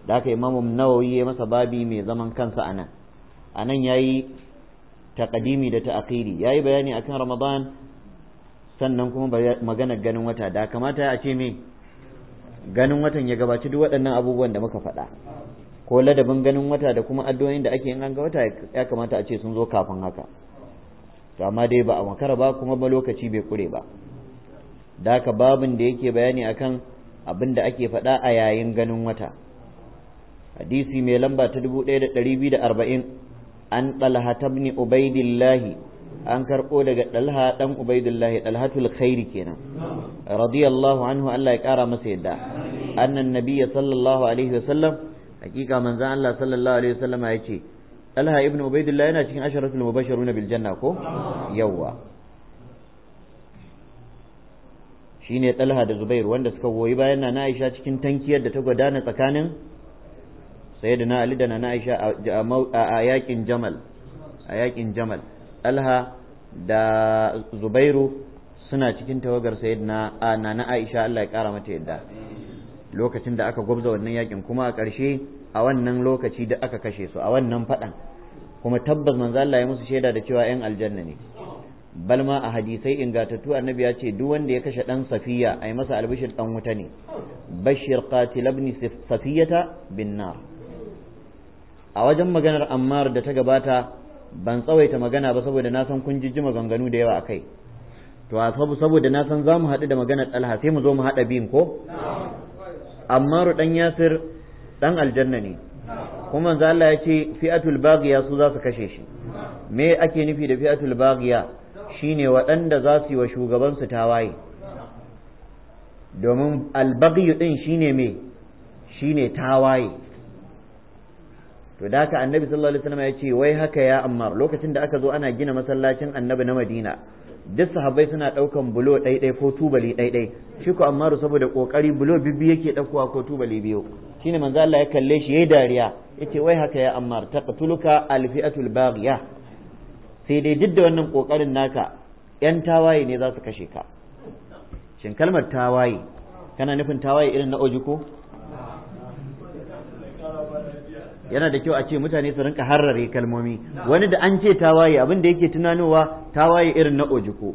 da aka imamu nawawi ya masa babi mai zaman kansa a nan a nan ya yi taƙadimi da ta'akiri ya yi bayani akan ramadan sannan kuma magana ganin wata da kamata a ce me ganin watan ya gabaci duk waɗannan abubuwan da muka faɗa ko ladabin ganin wata da kuma addu'o'in da ake yin an ga wata ya kamata a ce sun zo kafin haka to amma dai ba a makara ba kuma ba lokaci bai kure ba da haka babin da yake bayani akan abin da ake faɗa a yayin ganin wata hadisi mai lamba ta dubu ɗaya da da ɗari biyu arba'in an ɗalha tabni ubaidillahi an karɓo daga ɗalha ɗan ubaidillahi ɗalhatul khairi kenan radiyallahu anhu Allah ya ƙara masa yadda annan nabiya sallallahu alaihi wasallam hakika manzon Allah sallallahu alaihi wasallam ya ce Talha ibn Ubaidillah yana cikin asharatul mubashiruna bil janna ko yawa shine Talha da Zubair wanda suka goyi bayan na Aisha cikin tankiyar da ta gudana tsakanin sayyidina Ali da na Aisha a yakin Jamal a yakin Jamal Talha da Zubairu suna cikin tawagar sayyidina na Aisha Allah ya kara mata yadda lokacin da aka gwabza wannan yakin kuma a ƙarshe a wannan lokaci da aka kashe su a wannan faɗan kuma tabbas manzo Allah ya musu shaida da cewa yan aljanna ne Balma a hadisai ingatattu annabi ya ce duk wanda ya kashe ɗan safiya ai masa albishir dan wuta ne bashir qatil ibn safiyata bin nar a wajen maganar ammar da ta gabata ban tsawaita magana ba saboda na san kun jijji maganganu da yawa akai to a saboda na san za mu haɗu da maganar talha sai mu zo mu haɗa bin ko ammaru dan yasir dan aljanna ne kuma manzo Allah ya ce fi'atul baghiya su za su kashe shi me ake nufi da fi'atul baghiya shine waɗanda za su yi wa shugaban su tawaye domin albaghiyu din shine me shine tawaye to da haka annabi sallallahu alaihi wasallam ya ce wai haka ya ammar lokacin da aka zo ana gina masallacin annabi na Madina duk sahabbai suna ɗaukan bulo ɗaiɗai ko tubali ɗaiɗai shi ko amma saboda kokari bulo bibbi yake ɗaukowa ko tubali biyu shine manzo Allah ya kalle shi yayi dariya yace wai haka ya ammar taqtuluka alfi'atul baghiya sai dai duk da wannan ƙoƙarin naka yan tawaye ne za su kashe ka shin kalmar tawaye kana nufin tawaye irin na oji ko yana da kyau a ce mutane su rinka harrare kalmomi wani da an ce tawaye abin da yake tunanowa tawaye irin na ojiko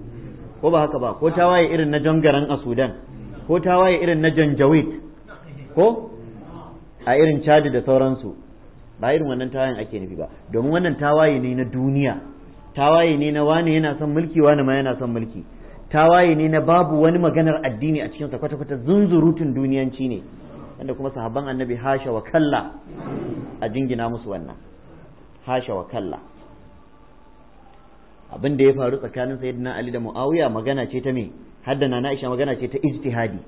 ko ba haka ba ko tawaye irin na jangaren a sudan ko tawaye irin na janjawit ko a irin chadi da sauransu ba irin wannan tawayen ake nufi ba domin wannan tawaye ne na duniya tawaye ne na wane yana son mulki wane ma yana son mulki tawaye ne na babu wani maganar addini a cikinsa kwata-kwata zunzurutun duniyanci ne wanda kuma sahabban annabi hasha wa kalla a jingina musu wannan hasha wa kalla abin da ya faru tsakanin sayyidina ali da muawiya magana ce ta me haddana na aisha magana ce ta ijtihadi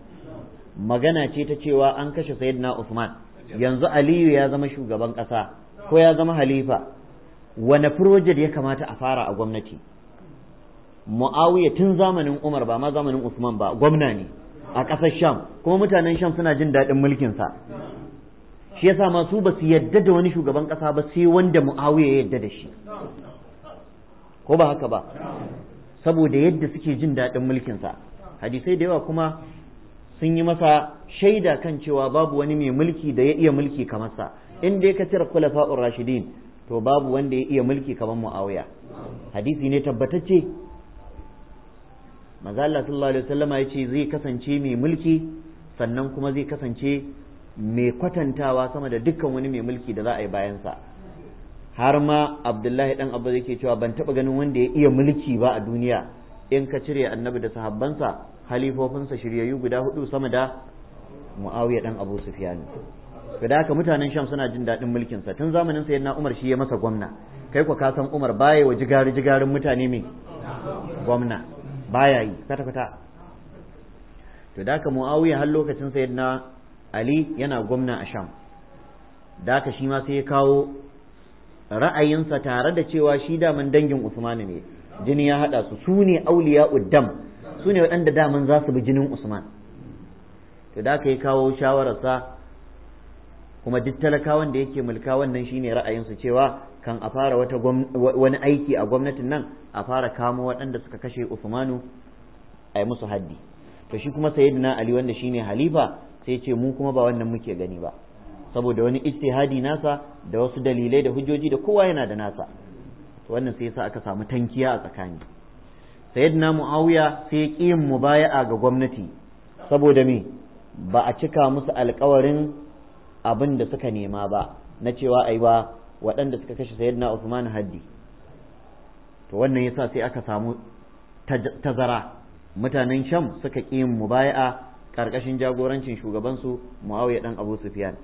magana ce ta cewa an kashe sayyidina usman yanzu aliyu ya zama shugaban kasa ko ya zama halifa wani project ya kamata a fara a gwamnati muawiya tun zamanin umar ba ma zamanin usman ba gwamna ne a ƙasar sham kuma mutanen sham suna jin daɗin mulkinsa shi yasa masu ba su yadda da wani shugaban ƙasa ba sai wanda mu'awiya ya yadda da shi ko ba haka ba saboda yadda suke jin daɗin mulkinsa hadisai da yawa kuma sun yi masa shaida kan cewa babu wani mai mulki da ya iya mulki kamar sa in dai ka cire khulafa'ur rashidin to babu wanda ya iya mulki kamar mu'awiya hadisi ne tabbatacce manzo Allah sallallahu alaihi wasallama ce zai kasance mai mulki sannan kuma zai kasance mai kwatantawa sama da dukkan wani mai mulki da za a yi bayan sa har ma Abdullahi dan Abba yake cewa ban taba ganin wanda ya iya mulki ba a duniya in ka cire annabi da sahabbansa halifofinsa shiryayyu guda hudu sama da Muawiya dan Abu Sufyan to da haka mutanen Sham suna jin daɗin mulkin sa tun zamanin sa yana Umar shi ya masa gwamna kai ko ka san Umar baya wa jigari jigarin mutane mai gwamna baya yi kwata kwata to da ka muawiya har lokacin na ali yana gwamna a sham da ka shi ma sai ya kawo ra'ayinsa tare da cewa shi daman dangin usman ne jini ya haɗa su sune auliya uddam su ne waɗanda daman za su bi jinin usman to da ka ya kawo shawararsa kuma duk talakawan da yake mulka wannan shine ra'ayinsu cewa kan a fara wata wani aiki a gwamnatin nan a fara kamo waɗanda suka kashe Usmanu a yi musu haddi to shi kuma sayyidina Ali wanda shi ne halifa sai ce mu kuma ba wannan muke gani ba saboda wani ijtihadi nasa da wasu dalilai da hujjoji da kowa yana da nasa to wannan sai yasa aka samu tankiya a tsakani sayyidina Muawiya sai ya ƙi baya a ga gwamnati saboda me ba a cika musu alƙawarin abin da suka nema ba na cewa ai ba waɗanda suka kashe sayyidina usman haddi to wannan yasa sai aka samu tazara mutanen Sham suka ƙi yin a ƙarƙashin jagorancin shugabansu Muawiya dan Abu Sufyan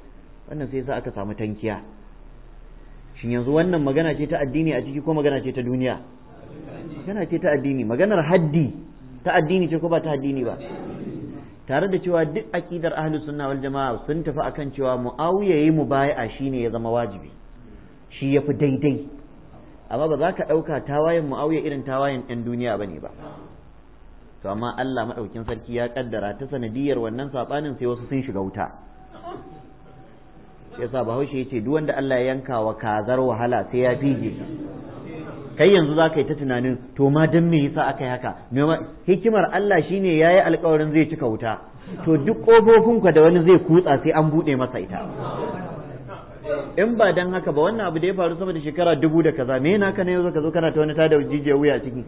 wannan sai yasa aka samu tankiya shin yanzu wannan magana ce ta addini a ciki ko magana ce ta duniya magana ce ta addini maganar haddi ta addini ce ko ba ta addini ba tare da cewa duk aƙidar ahli sunna wal jama'a sun tafi akan cewa muawiya yayi shi shine ya zama wajibi shi ya fi daidai amma ba za ka ɗauka tawayen mu'awiya irin tawayen 'yan duniya ba ne ba to amma Allah maɗaukin sarki ya ƙaddara ta sanadiyar wannan saɓanin sai wasu sun shiga wuta Ya yasa bahaushe ya ce duk wanda Allah ya yanka wa kazar wahala sai ya fije kai yanzu za ka yi ta tunanin to ma don me yasa aka yi haka hikimar Allah shine yi alkawarin zai cika wuta to duk ƙofofin ku da wani zai kutsa sai an buɗe masa ita in ba dan haka ba wannan abu da ya faru sama da shekara dubu da kaza me na ne yau ka zo kana ta wani tada jijiyar wuya ciki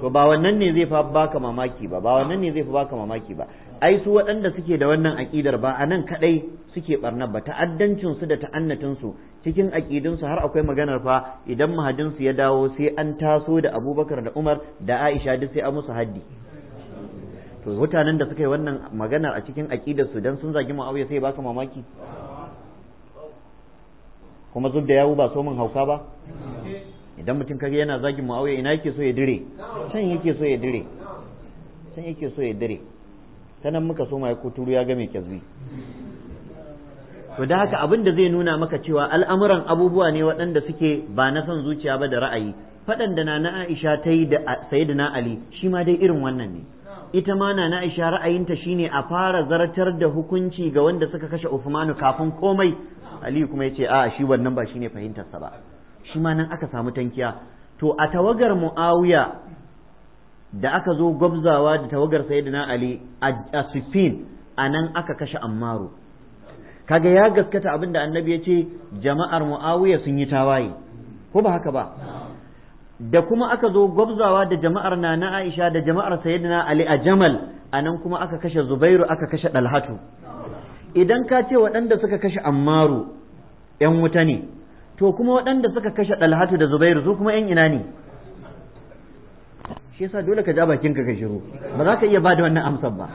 to ba wannan ne zai fa baka mamaki ba ba wannan ne zai fa baka mamaki ba ai su waɗanda suke da wannan aƙidar ba a nan kaɗai suke ɓarnar ba ta'addancin su da ta'annatin su cikin aƙidunsu su har akwai maganar fa idan mahadin su ya dawo sai an taso da Abubakar da Umar da Aisha duk sai a musu haddi to mutanen da suka yi wannan maganar a cikin aƙidar su dan sun zagi Muawiya sai baka mamaki kuma zub da yawo ba so mun hauka ba idan mutum kage yana zagin Muawiya ina yake so ya dire can yake so ya dire can yake so ya dire sanan muka so mai kuturu ya ga mai kyazbi to da haka abin da zai nuna maka cewa al'amuran abubuwa ne waɗanda suke ba na son zuciya ba da ra'ayi faɗan da na na Aisha ta yi da Sayyidina Ali shi ma dai irin wannan ne ita ma na Aisha ra'ayinta shine a fara zartar da hukunci ga wanda suka kashe Uthmanu kafin komai Aliyu kuma yace a shi wannan ba shine fahimtarsa ba shi ma nan aka samu tankiya to a tawagar Muawiya da aka zo gwabzawa da tawagar Sayyidina Ali a Siffin a nan aka kashe Ammaru kaga ya gaskata abin da Annabi ya ce jama'ar Muawiya sun yi tawaye ko ba haka ba da kuma aka zo gwabzawa da jama'ar na na Aisha da jama'ar Sayyidina Ali a Jamal anan kuma aka kashe Zubairu aka kashe Dalhatu idan ka ce waɗanda suka kashe Ammaru ‘yan wuta ne to kuma waɗanda suka kashe Dalhatu da Zubairu su kuma ‘yan ina ne shi yasa dole ka ja bakin ka shiru ba za ka iya bada wannan amsar ba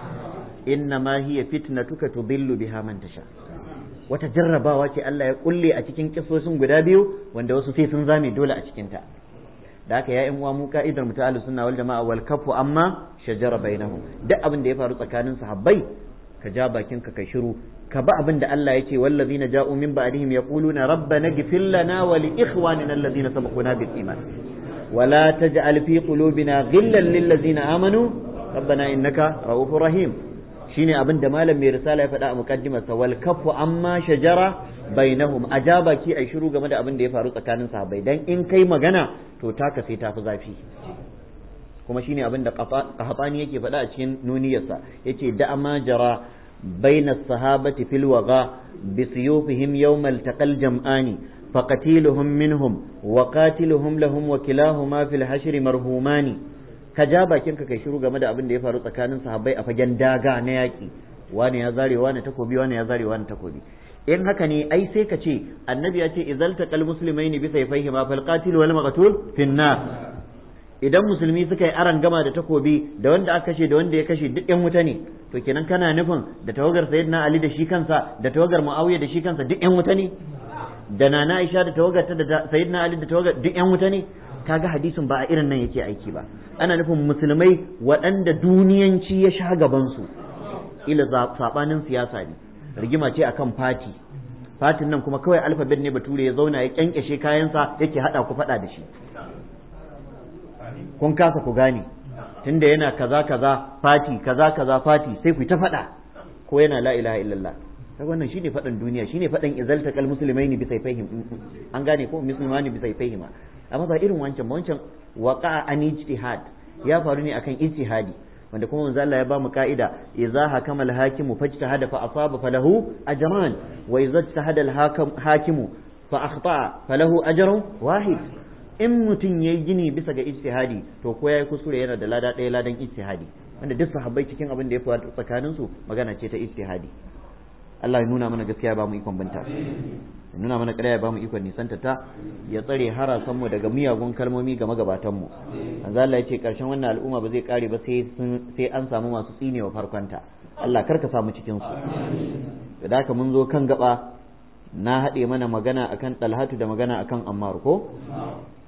inna ma hiya fitnatuka tudillu biha man tasha wata jarrabawa ce Allah ya kulle a cikin kisosin guda biyu wanda wasu sai sun zame dole a cikin ta da haka ya yan uwa mu ka'idar mu ta ahlus sunna wal jama'a wal kafu amma shajara bainahum duk abin da ya faru tsakanin sahabbai ka ja bakin ka kai shiru ka ba abin da Allah yake wallazina ja'u min ba'dihim yaquluna rabbana ighfir lana wa li ikhwanina allazina sabaquna bil iman ولا تجعل في قلوبنا غلا للذين آمنوا ربنا إنك رؤوف رحيم shine abin da malam mai risala ya faɗa a muqaddimar sa amma shajara bainahum a ja baki a shiru game da abin da ya faru tsakanin sahabbai dan in kai magana to taka sai fi zafi kuma shine abin da qahatani yake faɗa a cikin nuniyarsa yace da amma jara baina sahabati fil waga bi suyufihim yawm altaqal jam'ani qatiluhum minhum wa qatiluhum lahum wa kilahuma fil hashr marhumani ka ja bakinka kai shiru game da abin da ya faru tsakanin sahabbai a fagen daga na yaki wani ya zare wani takobi wani ya zare wani takobi in haka ne ai sai ka ce annabi ya ce izalta kal ne bisa yafai ma fal qatil wal maqtul Finna. idan musulmi suka yi aran gama da takobi da wanda aka kashe da wanda ya kashe duk yan wuta ne to kenan kana nufin da tawagar sayyidina ali da shi kansa da tawagar muawiya da shi kansa duk yan wuta ne da nana aisha da tawagar ta da sayyidina ali da tawagar duk yan wuta ne kaga hadisin ba a irin nan yake aiki ba ana nufin musulmai waɗanda duniyanci ya sha gaban su ila sabanin siyasa ne rigima ce akan fati fatin nan kuma kawai alfabet ne bature ya zauna ya kyankyashe kayansa yake hada ku fada da shi kun kasa ku gane tunda yana kaza kaza fati kaza kaza fati sai ku ta fada ko yana la ilaha illallah kaga wannan shine fadan duniya shine fadan izalta kal muslimaini bi sayfihim an gane ko muslimani bi sayfihima amma ba irin wancan wancan waqa'a an ijtihad ya faru ne akan ijtihadi wanda kuma manzo Allah ya ba mu ka'ida idza hakama al-hakimu fajtahada fa asaba falahu ajran wa idza ijtahada al-hakimu fa akhta'a falahu ajrun wahid in mutum yayi gini bisa ga ijtihadi to ko yayi kusure yana da lada ɗaya ladan ijtihadi wanda duk sahabbai cikin abin da ya faru tsakaninsu magana ce ta ijtihadi Allah ya nuna mana gaskiya ba mu ikon binta nuna mana ƙarya ya bamu ikon nisanta ta ya tsare harasan mu daga miyagun kalmomi ga magabatan mu manzo Allah yace karshen wannan al'umma ba zai kare ba sai sai an samu masu tsinewa farkonta Allah kar ka samu cikin su da haka mun zo kan gaba na haɗe mana magana akan Talhatu da magana akan Ammar ko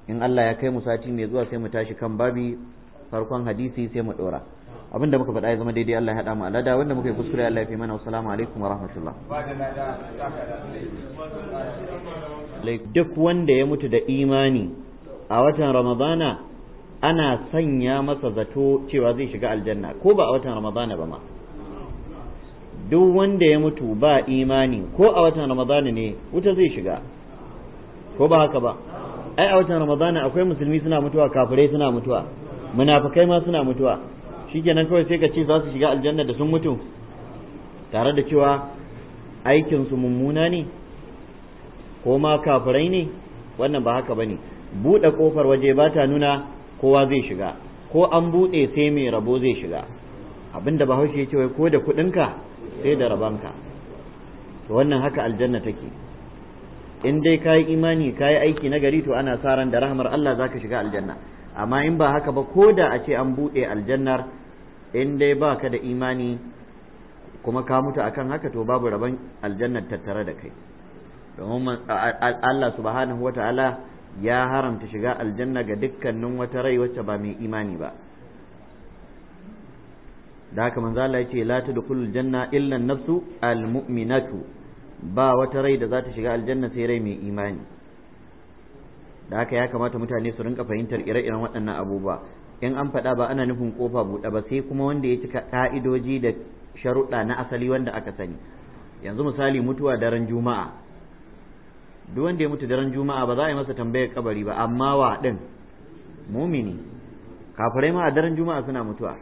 in Allah ya kai mu sati mai zuwa sai mu tashi kan babi farkon hadisi sai mu dora abinda muka faɗa ya zama daidai Allah ya haɗa mu alada wanda muka yi kuskure Allah ya fi mana wassalamu alaikum wa rahmatullah duk wanda ya mutu da imani a watan ramadana ana sanya masa zato cewa zai shiga aljanna ko ba a watan ramadana ba ma duk wanda ya mutu ba imani ko a watan ramadana ne wuta zai shiga ko ba haka ba ai a watan ramadana akwai musulmi suna mutuwa kafirai suna mutuwa munafukai ma suna mutuwa shikenan kawai sai ka ce za su shiga aljanna da sun mutu tare da cewa aikin su mummuna ne ko ma kafirai ne wannan ba haka bane bude kofar waje ba ta nuna kowa zai shiga ko an bude sai mai rabo zai shiga abinda ba ya ce wai ko da kuɗinka sai da rabanka to wannan haka aljanna take in dai ka imani ka aiki na gari to ana sa ran da rahmar Allah zaka shiga aljanna amma in ba haka ba ko da a ce an bude aljannar in dai ba ka da imani kuma ka mutu akan haka to babu rabon aljannar tattare da kai domin Allah subhanahu wata'ala ya haramta shiga aljanna ga dukkanin wata rai wacce ba mai imani ba da haka manzo Allah yace la tadkhulul janna illa an-nafsu al-mu'minatu ba wata rai da za ta shiga aljanna sai rai mai imani da haka ya kamata mutane su rinka fahimtar ire-iren waɗannan abubuwa in an faɗa ba ana nufin kofa buɗe ba sai kuma wanda ya cika ka'idoji da sharuɗa na asali wanda aka sani yanzu misali mutuwa daren juma'a duk wanda ya mutu daren juma'a ba za a yi masa tambayar kabari ba amma wa ɗin mumini kafirai ma a daren juma'a suna mutuwa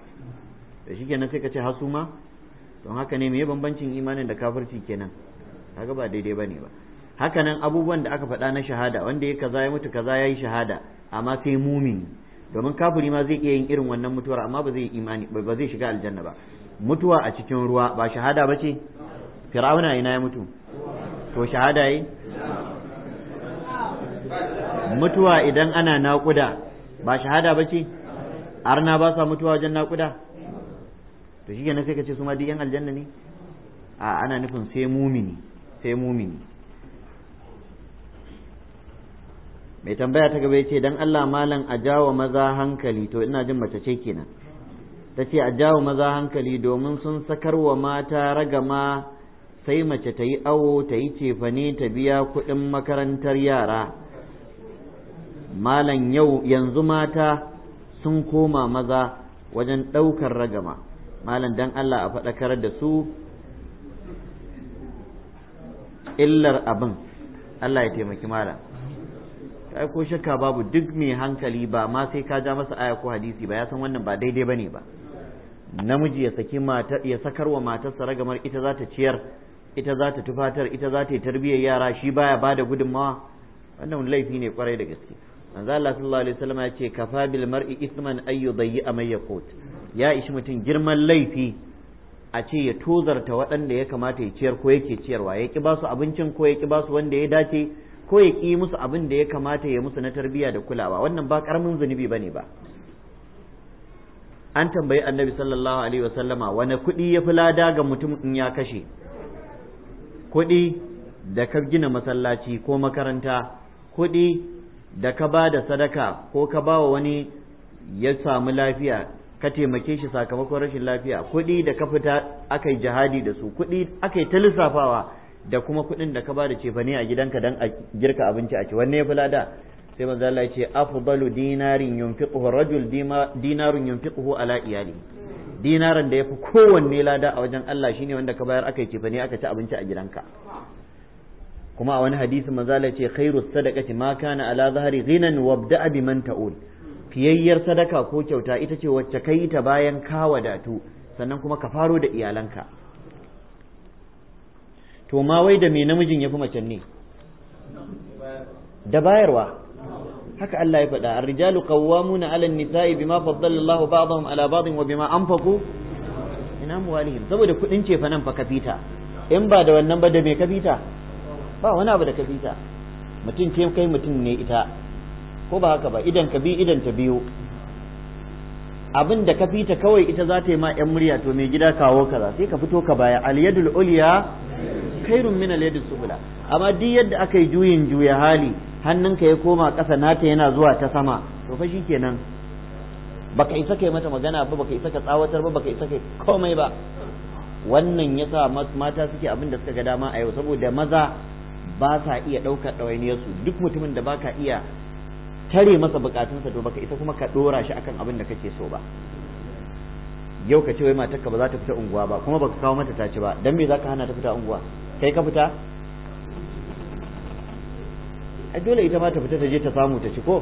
da shi kenan sai ka ce hasu ma don haka ne me bambancin imanin da kafirci kenan kaga ba daidai ba ne ba hakanan abubuwan da aka faɗa na shahada wanda ya kaza ya mutu kaza ya yi shahada amma sai mumini domin kafiri ma zai iya yin irin wannan mutuwar amma ba zai imani ba zai shiga aljanna ba mutuwa a cikin ruwa ba shahada ba ce fir'auna ina ya mutu to shahada yi mutuwa idan ana naƙuda ba shahada ba ce arna ba sa mutuwa wajen naƙuda to shi sai ka ce su ma duk yan aljanna ne a ana nufin sai mumini sai mumini mai tambaya ta gaba ce dan Allah malam a jawo maza hankali to ina jin mace ce kenan ta ce a jawo maza hankali domin sun sakar wa mata ragama sai mace ta yi awo ta yi cefane ta biya kuɗin makarantar yara malam yau yanzu mata sun koma maza wajen ɗaukar ragama malam dan Allah a faɗakar da su illar abin Allah ya taimaki malam ai ko shakka babu duk mai hankali ba ma sai ka ja masa aya ko hadisi ba ya san wannan ba daidai bane ba namiji ya saki mata ya sakarwa matarsa ragamar ita za ta ciyar ita za ta tufatar ita za ta yi tarbiyyar yara shi baya bada gudunmawa wannan laifi ne kwarai da gaske manzo Allah sallallahu alaihi wasallam ya ce kafa bil mar'i isman ay yudayyi amay yaqut ya ishi mutum girman laifi a ce ya tozarta waɗanda ya kamata ya ciyar ko yake ciyarwa ya ki basu abincin ko ya ki basu wanda ya dace ko ya ƙi musu abin da ya kamata ya musu na tarbiyya da kulawa wannan ba karamin zunubi ne ba an tambayi annabi sallallahu alaihi wasallama wani kuɗi ya fi lada ga mutum in ya kashe kuɗi da ka gina masallaci ko makaranta kuɗi da ka ba da sadaka ko ka ba wa wani ya samu lafiya ka taimake shi sakamakon rashin lafiya kuɗi da ka fita akai jihadi da su kuɗi aka ta lissafawa da kuma kuɗin da ka ba da cefa a gidanka dan a girka abinci a ci wanne fi lada sai manzo Allah ya ce afdalu dinarin yunfiquhu rajul dinarun yunfiquhu ala iyali dinarin da yafi kowanne lada a wajen Allah shine wanda ka bayar aka yi cefa aka ci abinci a gidanka kuma a wani hadisi maza ya ce khairu sadaqati ma kana ala zahari ghinan wabda'a biman ta'ul fiyayyar sadaka ko kyauta ita ce wacce kai ta bayan ka wadatu sannan kuma ka faro da iyalanka to ma wai da me namijin yafi macen ne da bayarwa haka Allah ya faɗa ar-rijalu qawwamuna 'ala an-nisa'i bima faddala Allahu ba'dahum 'ala ba'dhin wa bima anfaqu min amwalihim saboda kudin ce fa nan fa kafita in ba da wannan ba da me kafita ba wani abu da kafita mutum ce kai mutum ne ita ko ba haka ba idan ka bi idan ta biyo abin da kafita kawai ita za ta yi ma yan murya to me gida kawo kaza sai ka fito ka baya al-yadul ulya khairun min al-yadi subla amma duk yadda aka yi juyin juya hali hannunka ya koma ƙasa nata yana zuwa ta sama to fa shikenan baka isa kai mata magana ba baka isa ka tsawatar ba baka isa kai komai ba wannan yasa mata suke abin da suka ga dama a yau saboda maza ba sa iya ɗaukar ɗawainiyarsu duk mutumin da baka iya tare masa bukatunsa to baka isa kuma ka dora shi akan abin da kake so ba yau ka ce wai ka ba za ta fita unguwa ba kuma baka kawo mata ta ci ba dan me zaka hana ta fita unguwa kai ka fita a dole ita ma ta fita ta je ta samu ta ci ko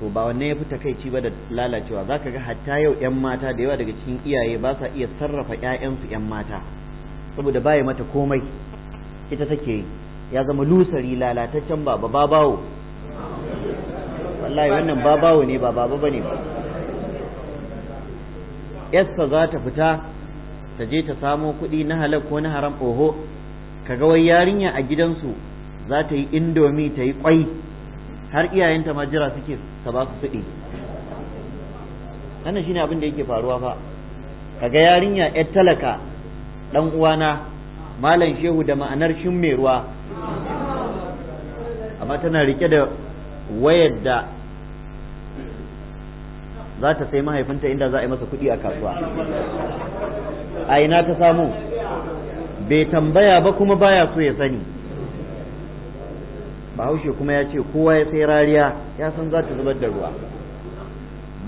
to ba wanne ya fi takaici ba da lalacewa za ka ga hatta yau 'yan mata da yawa daga cikin iyaye ba sa iya sarrafa 'ya'yansu 'yan mata saboda baya mata komai ita take yi ya zama lusari lalataccen ba ba babawo wallahi wannan babawo ne ba baba bane ba yasta za ta fita ta je ta samo kuɗi na halal ko na haram oho kaga wai yarinya a gidansu za ta yi indomi ta yi kwai har iyayenta ma jira suke ta ba su kuɗi wannan shine abin da yake faruwa fa kaga yarinya yar talaka ɗan uwana malam shehu da ma'anar shin mai ruwa amma tana rike da wayar da za ta sai mahaifinta inda za a yi masa kuɗi a kasuwa a ina ta samu bai tambaya ba kuma baya so ya sani bahaushe kuma ya ce kowa ya sai rariya ya san za ta zubar da ruwa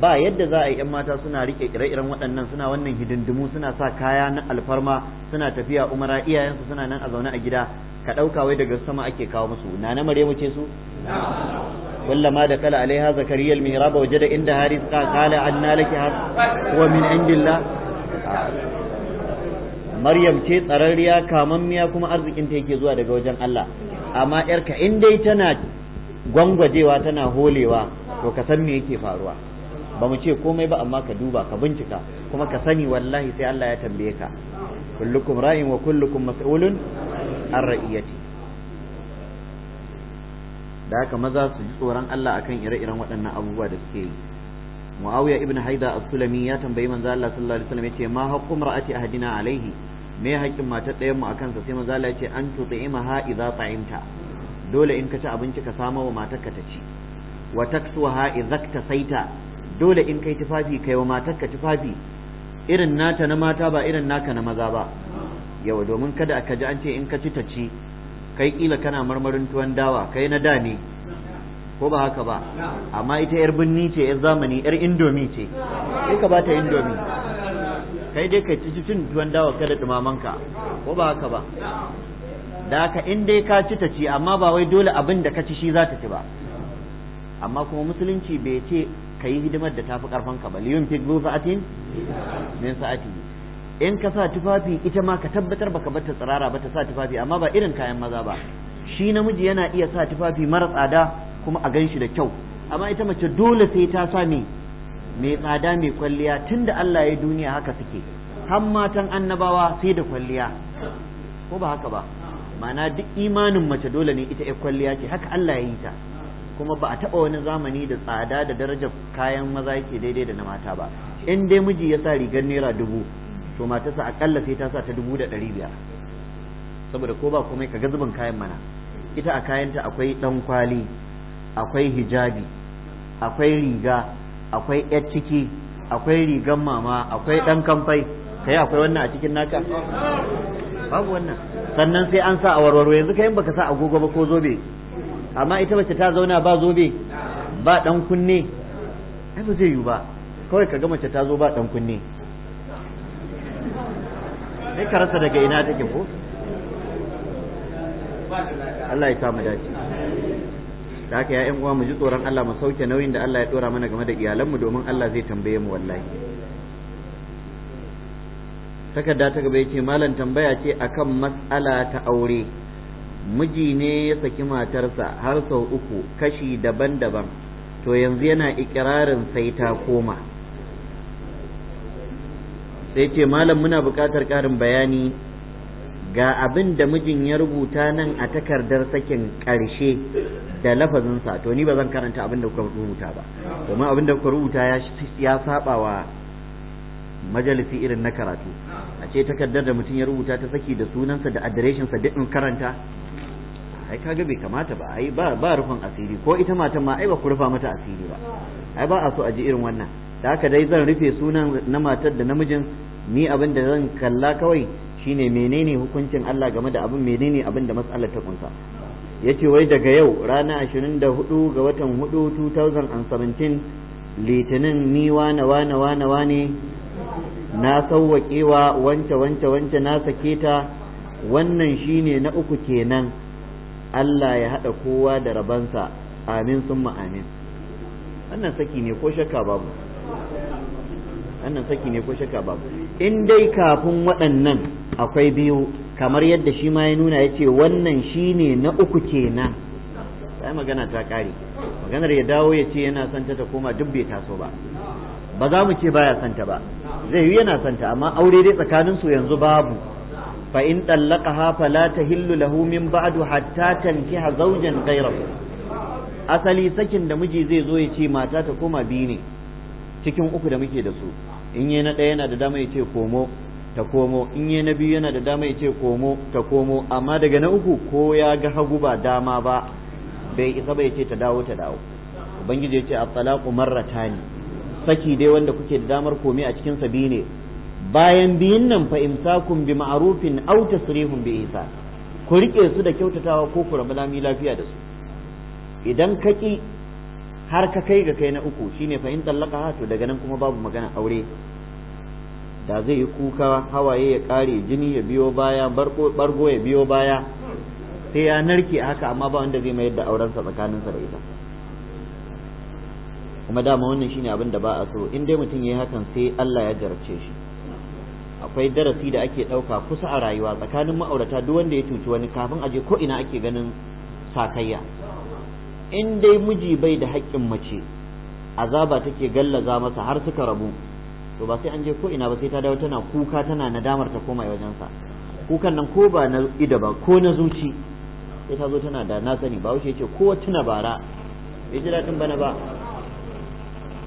ba yadda za a yi 'yan mata suna rike ire-iren waɗannan suna wannan hidindimu suna sa kaya na alfarma suna tafiya umara iyayensu suna nan a zaune a gida ka ɗauka wai daga sama ake kawo musu na na mare ce su ma da kala alaiha zakariya almihraba wajada inda haris qala anna laki wa min indillah maryam ce tsararriya kamammiya kuma arzikin ta yake zuwa daga wajen Allah amma yarka in dai tana gwangwajewa tana holewa to ka san me yake faruwa ba mu ce komai ba amma ka duba ka bincika kuma ka sani wallahi sai Allah ya tambaye ka kullukum ra'in wa kullukum mas'ulun an ra'iyati da haka maza su ji tsoron Allah akan ire-iren waɗannan abubuwa da suke yi muawiya ibn haida as-sulami ya tambayi manzo Allah sallallahu alaihi wasallam yace ma haqqu mar'ati ahadina alaihi me haƙƙin matar ɗayan mu akan sa sai manzo Allah yace an tut'imaha idza ta'imta dole in ka ci abinci ka samo wa matar ta ci wa taksuha idza saita dole in kai tufafi kai wa matar ka tufafi irin nata na mata ba irin naka na maza ba yau domin kada ka ji an ce in ka ci ta ci kai kila kana marmarin tuwon dawa kai na da ne ko ba haka ba amma ita yar binni ce yar zamani yar indomi ce sai ka bata indomi kai dai ka ci cin tuwon dawa kada dumaman ka ko ba haka ba da ka in dai ka ci ta ci amma ba wai dole abin da ka ci shi za ta ci ba amma kuma musulunci bai ce ka yi hidimar da tafi karfan ka ba liyun fik sa'atin min sa'ati in ka sa tufafi ita ma ka tabbatar baka bar ta tsirara ba ta sa tufafi amma ba irin kayan maza ba shi namiji yana iya sa tufafi mara tsada kuma a shi da kyau amma ita mace dole sai ta sa me mai tsada mai kwalliya tun da Allah ya duniya haka suke har matan annabawa sai da kwalliya ko ba haka ba mana duk imanin mace dole ne ita ya kwalliya ce haka Allah ya yi ta kuma ba a taɓa wani zamani da tsada da darajar kayan maza yake daidai da na mata ba in dai miji ya sa rigar naira dubu to matarsa akalla sai ta sa ta dubu da ɗari biyar saboda ko ba komai ka ga zubin kayan mana ita a kayanta akwai ɗan kwali akwai hijabi akwai riga akwai yar ciki akwai rigan mama akwai ɗan kamfai kai akwai wannan a cikin naka babu wannan sannan sai an sa a warwaro yanzu kayan baka sa agogo ba ko zobe amma ita bace ta zauna ba zobe ba ɗan kunne ai ba zai yiwu ba kawai ka gama mace ta zo ba ɗan kunne sai karasa daga ina take ko Allah ya kama dace da haka ya uwa mu ji tsoron Allah mu sauke nauyin da Allah ya dora mana game da iyalanmu domin Allah zai tambaye mu wallahi takarda ta gaba yace malam tambaya ce akan mas'ala ta aure miji ne ya saki matarsa har sau uku kashi daban-daban to yanzu yana ikirarin sai ta koma sai ce malam muna buƙatar ƙarin bayani ga abin da mijin ya rubuta nan a takardar sakin ƙarshe da lafazinsa to ni ba zan karanta abin da kuka rubuta ba domin abin da kuka rubuta ya saba wa majalisi irin na karatu a ce takardar da mutum ya rubuta ta saki da sunansa da adireshinsa duk in karanta ai kaga bai kamata ba ai ba ba rufin asiri ko ita matan ma ai ba ku rufa mata asiri ba ai ba a so a ji irin wannan da haka dai zan rufe sunan na matar da namijin ni abin da zan kalla kawai shine menene hukuncin Allah game da abin menene abin da matsalar ta kunsa yace wai daga yau rana 24 ga watan 4 2017 litinin ni wane wane wane wane na sauwaƙe wa wance wance wance na sake ta wannan shine na uku kenan Allah ya haɗa kowa da rabansa amin sun amin wannan saki ne ko shakka babu wannan saki ne ko shakka babu in dai kafin waɗannan akwai biyu kamar yadda shi ma ya nuna ya ce wannan shi ne na uku kenan sai magana ta ƙare maganar ya dawo ya ce yana santa ta koma duk bai taso ba ba za mu ce baya santa ba zai yi yana santa amma aure dai tsakanin su yanzu babu fa in tallaqaha fala tahillu lahu min ba'du hatta tankiha zawjan ghayrahu asali sakin da miji zai zo ya ce mata ta koma biyu ne cikin uku da muke da su in yi na ɗaya yana da dama ya ce komo ta komo in yi na biyu yana da dama ya ce komo ta komo amma daga na uku ko ya ga hagu ba dama ba bai isa ba ya ce ta dawo ta dawo ubangiji ya ce a at-talaqu ne saki dai wanda kuke da damar komai a cikin sabi ne bayan biyun nan fa kun bi ma'rufin aw tasrihun bi isa ku rike su da kyautatawa ko ku rabu lami lafiya da su idan ka ki har ka kai ga kai na uku shine fahimtar in to daga nan kuma babu magana aure da zai yi kuka hawaye ya kare jini ya biyo baya bargo ya biyo baya sai ya narke haka amma ba wanda zai mayar da aurensa tsakaninsa da ita kuma dama wannan shine abin da ba a so in dai mutum ya yi hakan sai Allah ya jarabce shi akwai darasi da ake ɗauka kusa a rayuwa tsakanin ma'aurata duk wanda ya cuci wani kafin aje ko ina ake ganin sakayya in dai miji bai da haƙƙin mace azaba take gallaza masa har suka rabu to ba sai an je ko ina ba sai ta dawo tana kuka tana nadamar ta koma wajensa kukan nan ko ba na ida ba ko na zuci sai ta zo tana da na sani ba wuce ce ko tuna bara bai ji daɗin bana ba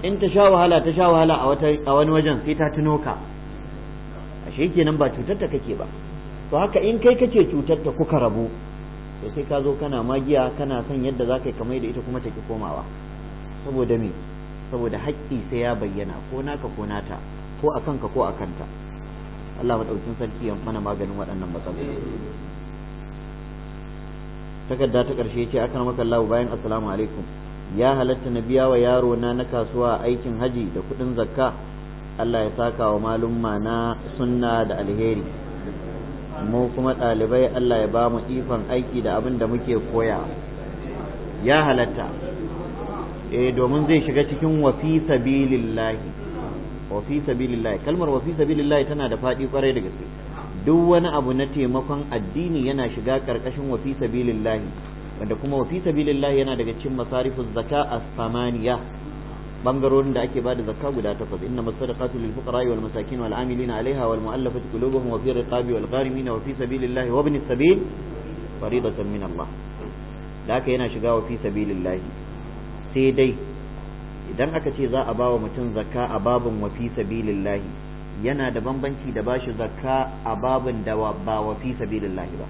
in ta sha wahala ta sha wahala a wani wajen sai ta tuno ka ashe kenan ba cutar ta kake ba to haka in kai kake cutar ta kuka rabu to sai ka zo kana magiya kana son yadda za ka yi kamar da ita kuma ta ki komawa saboda me saboda haƙƙi sai ya bayyana ko naka ko nata ko a kanka ko a kanta Allah ɗaukin sarki ya mana maganin waɗannan matsaloli takarda ta ƙarshe ce akan maka Allah bayan assalamu alaikum ya halatta na biya wa yaro na na kasuwa aikin haji da kuɗin zakka Allah ya saka wa malumma na sunna da alheri mu kuma ɗalibai Allah ya ba mu ikon aiki da abin da muke koya ya halatta eh domin zai shiga cikin wafi sabilillahi wafi sabilillahi kalmar wafi sabilillahi tana da faɗi kwarai da gaske duk wani abu na taimakon addini yana shiga karkashin wafi sabilillahi wanda kuma wafi sabilillahi yana daga cikin masarifin zaka as-samaniya bangarorin da ake bada zakka guda takwas inna masadaqatu lil fuqara wal masakin wal amilina alaiha wal mu'allafati qulubuhum wa fi riqabi wal gharimin wa fi sabilillahi wa ibnis sabil faridatan min Allah da haka yana shiga wa sabilillahi sai dai idan aka ce za a bawa mutum zakka a babin fi sabilillahi yana da bambanci da bashi zakka a babin da ba fi sabilillahi ba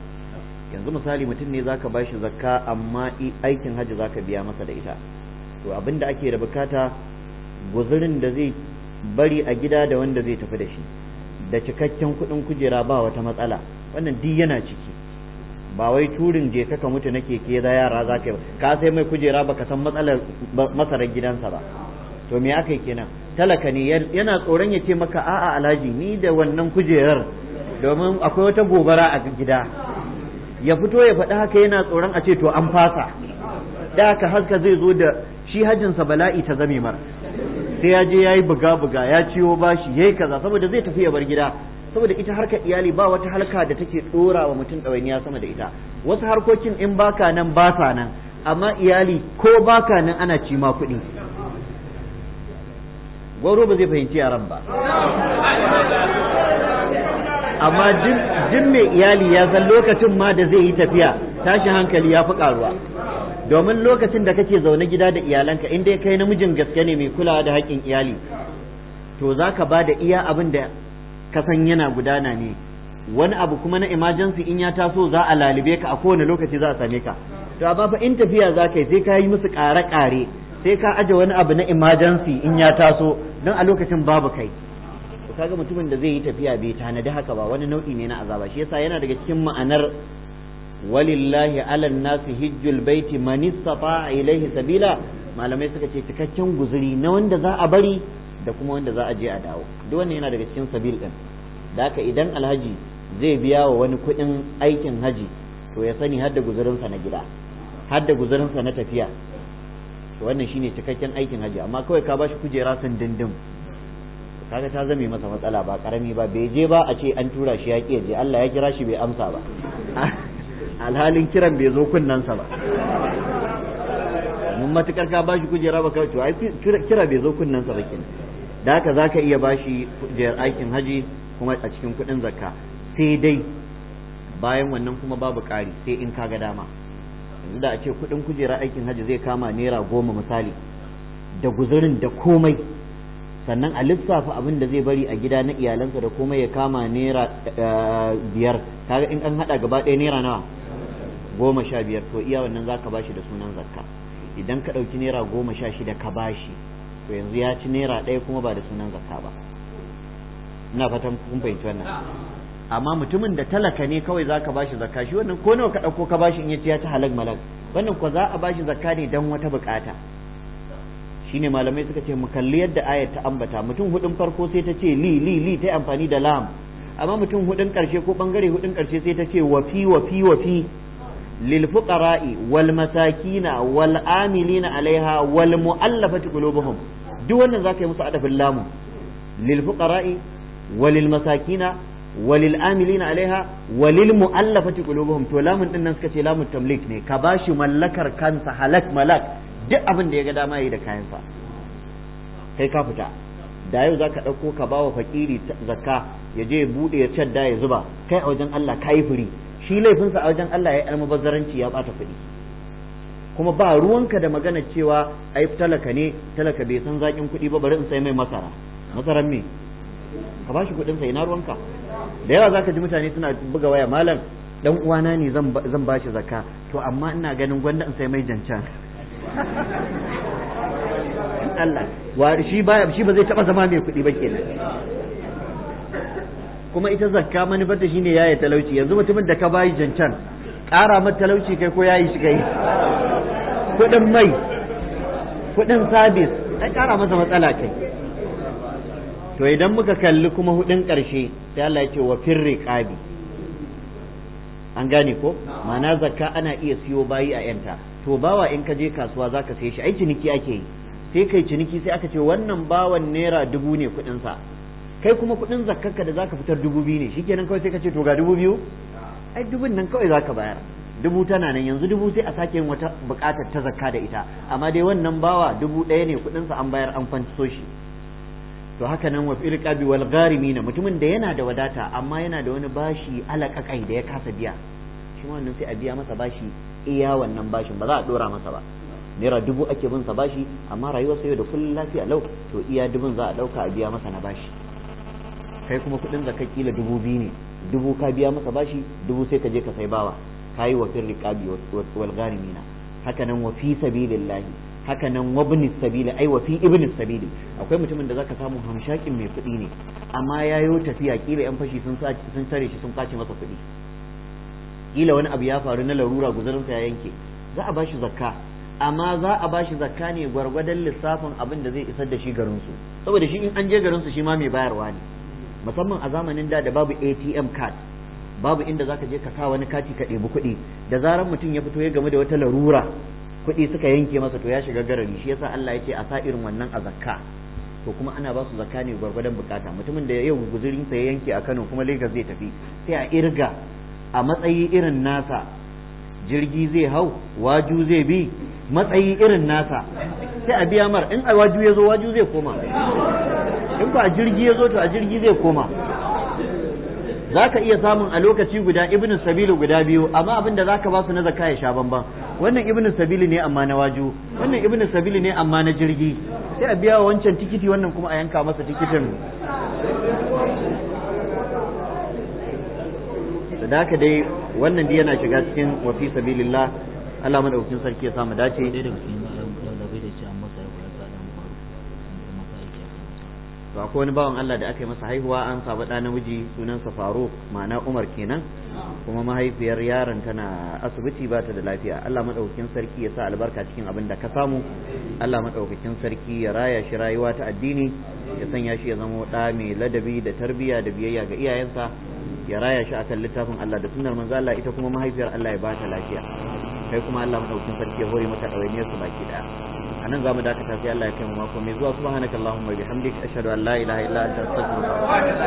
yanzu misali mutum ne zaka shi zakka amma aikin hajji zaka biya masa da ita to abin da ake da bukata guzurin da zai bari a gida da wanda zai tafi da shi da cikakken kuɗin kujera ba wata matsala wannan duk yana ciki ba wai turin je ka mutu na keke da yara za ka ka sai mai kujera ba ka san matsalar masarar gidansa ba to me aka kenan talaka ne yana tsoron ya ce maka a'a alhaji ni da wannan kujerar domin akwai wata gobara a gida ya fito ya faɗi haka yana tsoron a ce to an fasa da haka haska zai zo da shi hajjinsa bala'i ta zame mar sai ya je ya yi buga-buga ya ciwo bashi ya yi kaza saboda zai tafi ya bar gida saboda ita harka iyali ba wata halka da take tsora wa mutum ɗawainiya sama da ita wasu harkokin in baka nan ba sa nan amma iyali ko baka nan ana ci ma kuɗi ba zai fahimci yaran ba amma jin mai iyali ya san lokacin ma da zai yi tafiya tashi hankali ya fi karuwa domin lokacin da kake zaune gida da iyalanka in dai kai namijin gaske ne mai kulawa da haƙƙin iyali to za ka ba da iya abin da kasan yana gudana ne wani abu kuma na emergency in ya taso za a lalube ka a kowane lokaci za a same ka to amma fa in tafiya za ka sai ka yi musu ƙare-ƙare sai ka aje wani abu na emergency in ya taso don a lokacin babu kai to kaga mutumin da zai yi tafiya bai tanadi haka ba wani nau'i ne na azaba shi yasa yana daga cikin ma'anar walillahi ala nasi hijjul baiti man istata ilaihi sabila malamai suka ce cikakken guzuri na wanda za a bari da kuma wanda za a je a dawo duk wannan yana daga cikin sabil din da haka idan alhaji zai biya wa wani kuɗin aikin haji to ya sani har da guzurinsa na gida har da guzurinsa na tafiya to wannan shine cikakken aikin haji amma kawai ka bashi kujera sun dindin kaga ta zame masa matsala ba karami ba bai je ba a ce an tura shi ya ƙi je Allah ya kira shi bai amsa ba alhalin kiran bai zo kunnansa ba mun matukar ka bashi kujera ba kawai to ai kira bai zo kunnansa ba kenan da haka za ka iya ba shi kujerar aikin haji kuma a cikin kuɗin zakka sai dai bayan wannan kuma babu ƙari sai in ka ga dama yanzu da a ce kuɗin kujerar aikin haji zai kama naira goma misali da guzurin da komai sannan a lissafa abin da zai bari a gida na iyalansa da komai ya kama naira eh, biyar kaga in an haɗa gaba ɗaya naira nawa goma sha biyar to iya wannan za ka ba shi da sunan zakka idan ka ɗauki naira goma sha shida ka ba shi. to yanzu ya ci naira ɗaya kuma ba da sunan zakka ba ina fatan kun fahimci wannan amma mutumin da talaka ne kawai za ka bashi zakka shi wannan ko nawa ka ɗauko ka bashi in ya ya ci halak malak wannan ko za a bashi zakka ne dan wata bukata ne malamai suka ce mu kalli yadda ayat ta ambata mutum hudun farko sai ta ce li li li ta amfani da lam amma mutum hudun karshe ko bangare hudun karshe sai ta ce wafi wafi wafi lil fuqara'i wal masakina wal amilina alaiha wal mu'allafati qulubuhum duk wannan zaka yi musu adafin lamu lil fuqara'i walil masakina walil amilina alaiha walil mu'allafati qulubuhum to lamun din nan suka ce lamun tamlik ne ka bashi mallakar kansa halak malak duk abin da ya ga dama yi da kayansa kai ka fita da yau zaka ɗauko ka ba wa fakiri zakka ya je ya bude ya cadda ya zuba kai a wajen Allah kai firi shi laifinsa a wajen Allah ya yi almubazzaranci ya bata kuɗi kuma ba ruwanka da magana cewa ai talaka ne talaka bai san zakin kuɗi ba bari in sai mai masara masaran me ka bashi kuɗin sai ina ruwanka da yawa zaka ji mutane suna buga waya malam dan uwana ne zan zan bashi zakka to amma ina ganin gwanda in sai mai jancan Allah shi ba shi ba zai taba zama mai kuɗi ba kenan kuma ita zakka manufar ta shine yaye talauci yanzu mutumin da ka bayi jancan ƙara mata talauci kai ko yayi shi kai kuɗin mai kuɗin sabis ai ƙara masa matsala kai to idan muka kalli kuma hudin karshe sai Allah ya ce wa firri qabi an gane ko ma'ana zakka ana iya siyo bayi a yanta to bawa in ka je kasuwa zaka sai shi ai ciniki ake yi sai kai ciniki sai aka ce wannan bawan naira dubu ne kuɗinsa sa kai kuma kuɗin zakkarka da zaka fitar dubu biyu ne shikenan kawai sai ka ce to ga dubu biyu ai dubun nan kawai zaka bayar dubu tana nan yanzu dubu sai a sake yin wata bukatar ta zakka da ita amma dai wannan bawa dubu ɗaya ne sa an bayar an fanso shi to haka nan wa fil qabi wal gharimina mutumin da yana da wadata amma yana da wani bashi alaƙaƙai da ya kasa biya shi wannan sai a biya masa bashi iya wannan bashin ba za a dora masa ba naira dubu ake bin sa bashi amma rayuwar sa da kullum lafiya lau to iya dubun za a dauka a biya masa na bashi kai kuma kuɗin zakka kila dubu biyu ne dubu ka biya masa bashi dubu sai ka je ka sai bawa kayi wa fil riqabi wal gharimina haka nan wa fi sabilillah haka nan wa ibn sabili ai wa fi sabili akwai mutumin da zaka samu hamshakin mai kuɗi ne amma yayo tafiya kila yan fashi sun sun tare shi sun kace masa kuɗi kila wani abu ya faru na larura guzarinsa ya yanke za a bashi zakka amma za a bashi zakka ne gwargwadon lissafin abin da zai isar da shi garinsu saboda shi in an je garinsu shi ma mai bayarwa ne musamman a zamanin da da babu ATM card babu inda zaka je ka sa wani kati ka ɗebi kuɗi da zarar mutum ya fito ya game da wata larura kuɗi suka yanke masa to ya shiga garari shi yasa Allah yake a sa irin wannan a zakka to kuma ana ba su zakka ne gwargwadon bukata mutumin da yau guzurin sa ya yanke a Kano kuma Lagos zai tafi sai a irga a matsayi irin nasa jirgi zai hau waju zai bi matsayi irin nasa sai a biya mar in a waju ya zo waju zai koma in ba a jirgi ya zo to a jirgi zai koma za ka iya samun a lokaci guda ibnin sabilu guda biyu amma abin da za ka ba su na zaka ya sha bamban wannan ibnin sabili ne amma na waju wannan ibnin sabili ne amma na jirgi sai a biya wancan tikiti wannan kuma a yanka masa tikitin da haka dai wannan dai yana shiga cikin wafi sabilillah Allah madaukakin sarki ya samu dace to akwai wani bawan Allah da aka yi masa haihuwa an saba ɗa namiji sunansa Faruk ma'ana Umar kenan kuma mahaifiyar yaron tana asibiti ba ta da lafiya Allah madaukakin sarki ya sa albarka cikin abin da ka samu Allah madaukakin sarki ya raya shi rayuwa ta addini ya sanya shi ya zama waɗa mai ladabi da tarbiyya da biyayya ga iyayensa ya raya shi akan littafin Allah da sunnar manzo Allah ita kuma mahaifiyar Allah ya ba ta lafiya kai kuma Allah madaukakin sarki ya hore maka ɗawainiyar su baki ɗaya a nan za mu dakata sai Allah ya kai mu mako mai zuwa subhanakallahumma bihamdika ashhadu an la ilaha illa anta astaghfiruka wa atubu